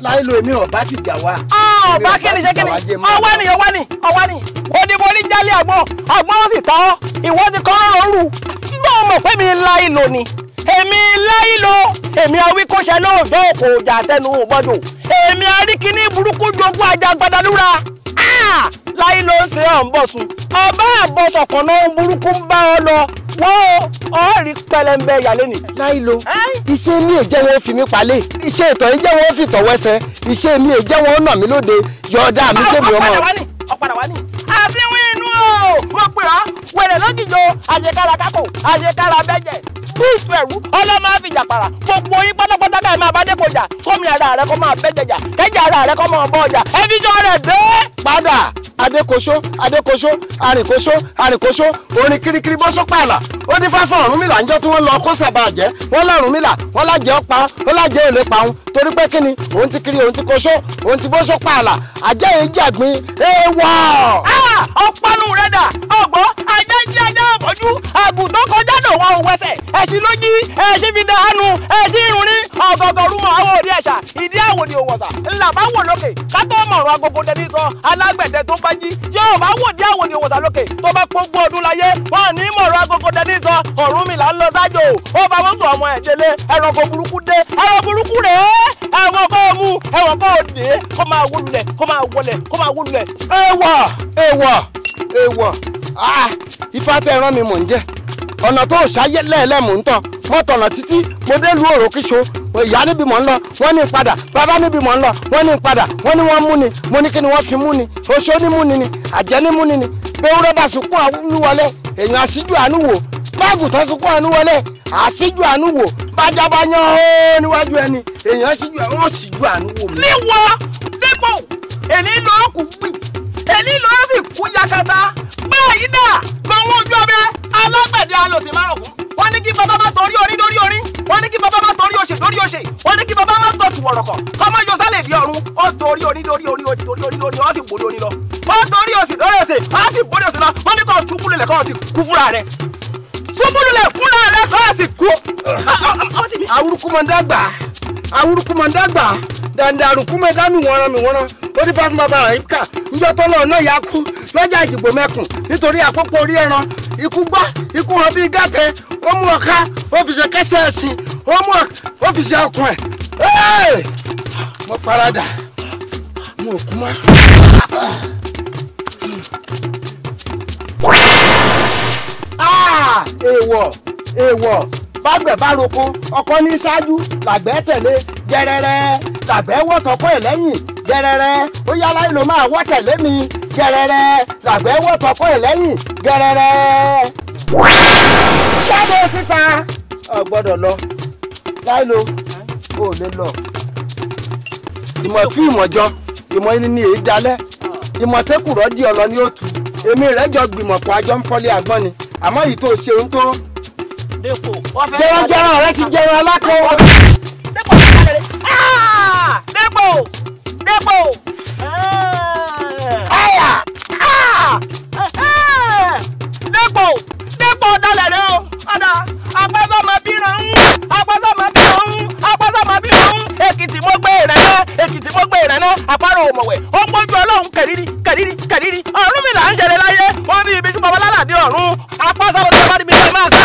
láìlo èmi ọba ti jà wá. ọba kíni ṣe kíni ọwá ni ọwá ni ọwá ni òdìbò ní jálẹ̀ àgbọn àgbọn sì tọ́ ìwọ ti kọ́ lóru gbọ́ mọ̀ pé mi láìlo ni èmi láìlo èmi awíkóṣe náà fẹ́ kò jà tẹnu gbọ́dọ̀ èmi aríkíní burúkú jogún ajagbadalúra. Ah! láyé ló ń ṣe ọ̀ ń bọ̀ sùn ọba àbọ̀sọ̀kan náà ń burúkú ń bá ọ lọ wọ́n ọ rí pẹlẹmbẹ ìyàlẹ́ ni. láyé lo iṣẹ́ mi è jẹ́ wọn fi mi palẹ̀ iṣẹ́ ìtọ̀ yìí jẹ́ wọn fi tọ̀ wẹ́sẹ̀ iṣẹ́ mi è jẹ́ wọn nà mí lóde yọ̀ọ̀dá mi ah, kébì ọmọ. ọ̀padà wá ní àfihàn inú o wọ́n pè ọ́ wẹ̀rẹ̀ lọ́gìjọ àṣekára kákò àṣekára bẹ́jẹ̀ bí ìtú ẹ̀rú ọlọ́mọ àfìjà para gbogbo yín pátápátá ká ẹ máa bá dépò jà kọ́mi ara rẹ kọ́ máa bẹ́jẹ̀ jà kẹ́jà ara rẹ kọ́ máa bọ́ ọjà ẹbí jọ rẹ̀ dé. padà adékoṣó adékoṣó arìnkoṣó arìnkoṣó orin kirikiri bó sópa àlà ó ní fáfọ Ọ̀rúnmìlà ńjọ́ tí wọ́n lọ kó sábà jẹ́ wọ́n lọ́rùnmìlà wọ́n lájẹ́ ọ̀pá wọ́n lájẹ́ èlé pa òun torí pé kíni òun ti kiri òun ti koṣó òun ti bó sópa àlà àjẹ́ èyí jàgbín èèwọ̀ ọpọlù rẹ dà ọgbọ́n ajá ń jí ajá àbọ̀jú àgùntàn kọjá lòun ọ̀hún wẹsẹ̀ ẹ̀sìn ló jí ẹ̀sìn fi dànù ẹ̀sìn ìrùnrín ọ̀gọ̀gọ̀rùmọ̀ àwọn òde ẹ̀ṣà ìdí àwòdì òwòsà ńlá bá wò lókè kátó mọ̀rọ̀ agogo dẹni sọ alágbẹ̀dẹ tó bá jí tí ò bá wòdì àwòdì òwòsà lókè tó bá gbogbo ọdún láyé wọn ní mọ̀rọ̀ agogo dẹni sọ ọ̀run mi là ń lọ sájò ó bá wọ́n sọ ọmọ ẹ̀ délé ẹranko burúkú dé ẹranko burúkú rèé ẹ̀wọ̀n kọ́ mú ẹ̀wọ̀n kọ́ dé kó máa wólulẹ̀ kó máa wọlẹ̀ ah ifá tẹ ẹran mi ọ̀nà tó ṣáyé lẹ́ẹ̀lẹ́mù ń tọ̀ mọ́tò ọ̀nà títí mo dé lu òrò kíṣo ìyá níbi mọ̀ ń lọ wọ́n ní padà bàbá níbi mọ̀ ń lọ wọ́n ní padà wọ́n ní wọ́n mú ni mo ní kí ni wọ́n fi mú ni oṣó ní mú ni ni àjẹ́ ní mú ni ni ewúrẹ́ bá sunkún àánú wọlé èèyàn àṣíjú àánú wò báàgù tó sunkún àánú wọlé àṣíjú àánú wò bájá bá yan ó níwájú ẹni èèyàn àṣíjú àánú wò mí. níwọ̀ nípò èmi lọ́ọ́ kù gbìn èyí ló sì kú yakata báyìí dà gbọ̀ngàn ojú ọbẹ̀ alágbẹ̀dẹ alòsè márùn-ún wọ́n ní kí bàbá má torí orí lórí orí wọ́n ní kí bàbá má torí òṣè lórí òṣè wọ́n ní kí bàbá má tọ̀tù wọ̀rọ̀kọ̀ kọ́mọ yóò sálẹ̀ di ọ̀run ó torí orí lórí orí torí orí lórí ó sì borí orí lọ wọ́n torí òsì lórí òsè ó sì borí òsì lọ wọ́n ní kọ́ túbú lulẹ̀ kọ́ ọ sì kú fúnra rẹ̀ túbú lulẹ̀ fúnra rẹ̀ kọ́ ọ sì kú. awurukú mọ̀ ń dàgbà awuruku mọ̀ dàgbà dandaruku mọ̀ dánù wọ́nrán mi wọ́nrán lórí fáfún bàbá rẹ̀ kà tó lọ́ọ̀ náà yà kú ìdìbò mẹ́kùn nítorí àpòpò orí ẹran ikú gbá ikú hàn bíi gàtẹ́ ó mú ọ̀ka ó fi ṣe ó mú ó fi ṣe mo parada mo kú mọ́. Ah! èèwọ̀ èèwọ̀ bágbẹ̀ bá roko ọkọ́ ní ṣáájú làgbẹ̀ tẹ̀lé gẹ̀rẹ̀rẹ̀ làgbẹ̀ wọ́ ẹ̀ lẹ́yìn gẹ̀rẹ̀rẹ̀ ó yára láì máa wọ́ tẹ̀lé mi gẹ̀rẹ̀rẹ̀ làgbẹ̀ wọ́ ẹ̀ lẹ́yìn gẹ̀rẹ̀rẹ̀. jáde síta ọ gbọ́dọ̀ lọ láì kó o lè lọ. ìmọ̀ tú jọ ìmọ̀ ẹni ni èyí dalẹ̀ ìmọ̀ tẹ́kùrọ̀ di ọ̀lọ́ ni otu tu èmi rẹ̀ jọ gbìmọ̀ pọ̀ àjọ dépò. jẹran jẹran rẹ ti jẹran alákọ. Ah! dépò dépò dépò. Ah! àyà ah! dépò dépò dalẹ̀ rẹ o ọ̀dà apẹ́sọ̀ máa bí ra ń apẹ́sọ̀ máa bí ra ń apẹ́sọ̀ máa bí ra ń èkìtì mo gbé ìrẹ́lẹ́ èkìtì mo gbé ìrẹ́lẹ́ àparò òmọ̀wẹ̀ ó ń gbójú ọlọ́run kẹ̀rìrì kẹ̀rìrì kẹ̀rìrì ọ̀run mi là ń ṣẹlẹ̀ láyé wọ́n ní tí babaláàdé ọ̀run apọ́sọ̀ mi lè máa sá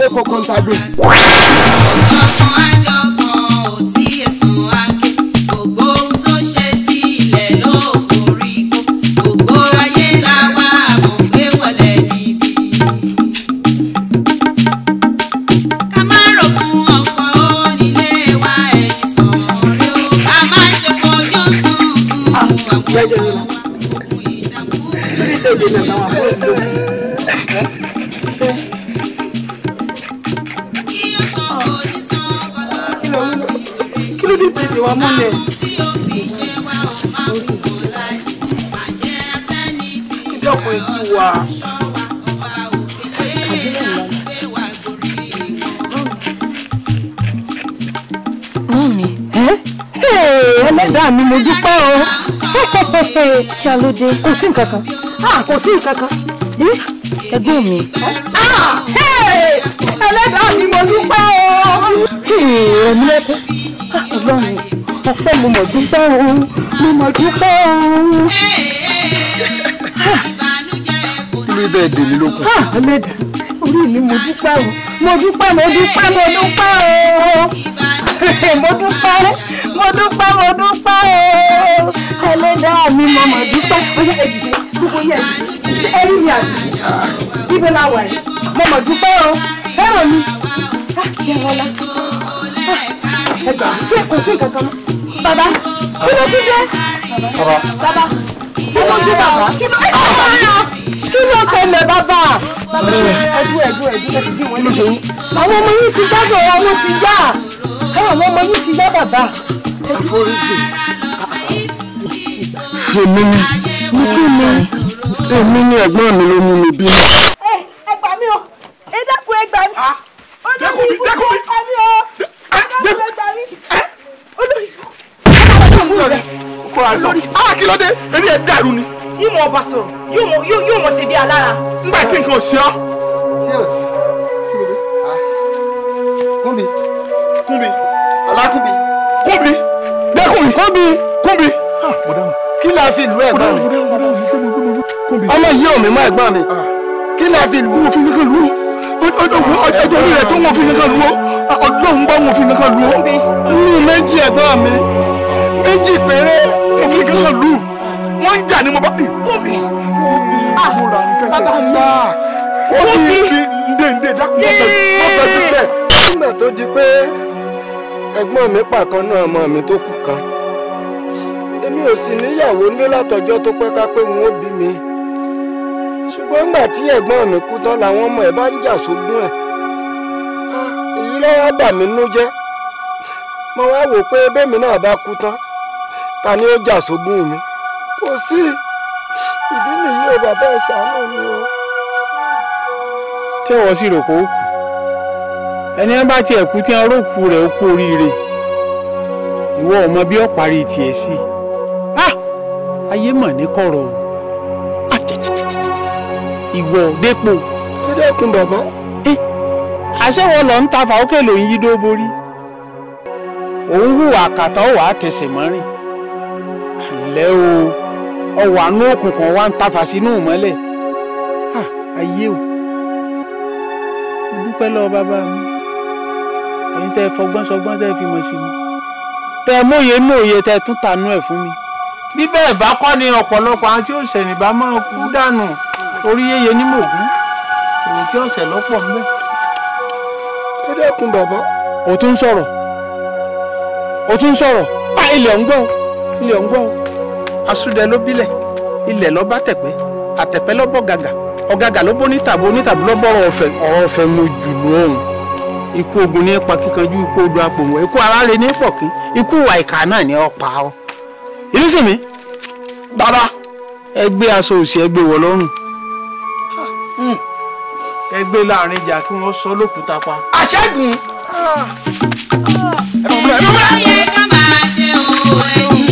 lẹ́kọ̀ọ́ kan tàgbé. ẹlẹ́dàá mi mo dúpẹ́ o [laughs] kí a ló dé kò sí nǹkan kan ah, kò sí nǹkan kan ẹgbẹ́ mi ah, ẹlẹ́dàá mi mo dúpẹ́ o. ẹ̀mí ẹ̀fẹ́ ọlọ́run ah, ọpẹ́ mo mọ̀ dúpẹ́ o mo mọ̀ dúpẹ́ o. ilé dẹ́ èdè mi ló kù. ẹlẹ́dàá orí mi mo dúpẹ́ o mo dúpẹ́ mo dúpẹ́ mo dúpẹ́ o [laughs] mo dúpẹ́ mo dúpẹ́ mo dúpẹ́ o ẹlẹ́dàá mi mo mọ̀ dúpẹ́ bóyá ẹ dìde gbogbo yẹn ṣe ẹ rí mi àbí ibẹ̀ la wà yìí mo mọ̀ dúpẹ́ o fẹ́ràn mi káàkiri ọlá ẹgbà ṣé kò sí nǹkan kan mọ́ bàbá kí ló tún dé bàbá kí ló dé bàbá kí ló ẹ kọ́ ọ́ kí ló ṣẹlẹ̀ bàbá ẹdú ẹdú ẹdú ẹ ti bí wọn lè ṣe àwọn ọmọ yìí ti gbádùn ọmọ ti yá káwọn ọmọ yìí ti yá bàbá. àforíjì èmi ni mo kí ni èmi ni ẹ̀gbọ́n mi ló mú mi bínú. ẹ ẹ gbà mí o ẹ dákun ẹ gbà mí ah. olórí ikú ló pa mí o ẹ ah, dákun ẹ gbà mí eh? olórí ikú. Ah, kí ló dé? Èmi ẹ̀ dàrú ni. Yóò mọ ọba sọ̀rọ̀, yóò mọ ṣe bí alára. Nígbà tí nǹkan ò ṣe ọ́. Ṣé o sí? Kí ló dé? Ah. Kúnbi kúnbi alákúnbi kúnbi dẹkùnbi kúnbi kúnbi. kí la fi lù ẹ̀gbọ́n mi ọmọ yìí ò mí mọ́ ẹ̀gbọ́n mi kí la fi lù. mo fi kankan lù ó ọjọ́ orí rẹ̀ tó mo fi kankan lù ó ọlọ́run bá mo fi kankan lù ó. nínú méjì ẹ̀gbọ́n mi méjì péré mo fi kankan lù wọ́n ń jà ní mo bá. kúnbi ah, bàbá mi kúnbi ǹdẹ̀ ǹdẹ̀ dákun mọ́bẹ̀ mọ́bẹ̀ dúpẹ́. nígbà tó di pé ẹ̀gbọ́n mi pàkan náà ọmọ mi tó kù kan èmi ò sì níyàwó nílé látọjọ́ tó pẹ́ ká pé wọn ó bí mi ṣùgbọ́n nígbà tí ẹ̀gbọ́n mi kú tán làwọn ọmọ ẹ̀ bá ń jà sógún ẹ̀ ah, èyí lọ́wọ́ bà mí nú jẹ́ mo wá wò pé bẹ́ẹ̀mi náà bá kú tán ta ni ó jà sógún mi kò sí ìdí nìyí o bàbá ẹ̀ ṣàánú mi o. tí àwọn sì rò pé ó kù ẹni ẹ bá tiẹ̀ kú tí ẹ rókù rẹ̀ ó kú oríire ìwọ ò mọ bí ó parí tiẹ̀ sí ayé mọ̀ ní kọ̀rọ̀ o ìwọ dépò. dídé kun bàbá. àṣẹwọ lọ ń ta fàókè lòun yí dó borí òun hùwà kàtà ọwà àtẹsẹ̀ mọ́rin àlẹ́ o ọwà nú òkùnkùn wa ń tafà sínú ìmọ́lẹ̀ ayé o dúpẹ́ lọ́wọ́ bàbá mi ẹ̀yin tẹ́ ẹ fọgbọ́n sọgbọ́n tẹ́ ẹ fi mọ̀ sí mi tẹ́ ẹ mòye ní òye tẹ́ ẹ tún tànú ẹ̀ fún mi. bí bẹ́ẹ̀ bá kọ́ ni ọ̀pọ̀lọpọ̀ àwọn tí òṣèlú ní bá máa kú dànù orí yéye ní mògún òun tí ọ̀sẹ̀ lọ́pọ̀ ń bẹ̀. ẹ dẹ́kun bàbá. o tún sọ̀rọ̀ o tún sọ̀rọ̀ a ah, ilẹ̀ ń gbọ́ ilẹ̀ ń gbọ́. asúdẹ ló bílẹ̀ ilẹ̀ ló bá tẹ̀pẹ́ àtẹ̀pẹ́ ló bọ́ gàgà ọ̀gàgà ló bó nítàbó nítàbó ló bọ́ ọ̀rọ̀ ọ̀fẹ́ ọ̀rọ̀ ọ̀fẹ́ mojú lóhùn ikú ogun ní pa kíkanjú ikú odò apòwò ikú aláre ní pọ̀kí ikú ìwà náà ní ọ̀pá ọ. ìlú sì mí bàbá ẹ aṣọ òsì ẹ wọ lọ́rùn hmm. ẹ láàrin ìjà kí wọ́n sọ lókùúta pa. àṣẹ́gun. ẹ̀rù bẹ́ẹ̀ ká máa ṣe òun ẹ̀yìn.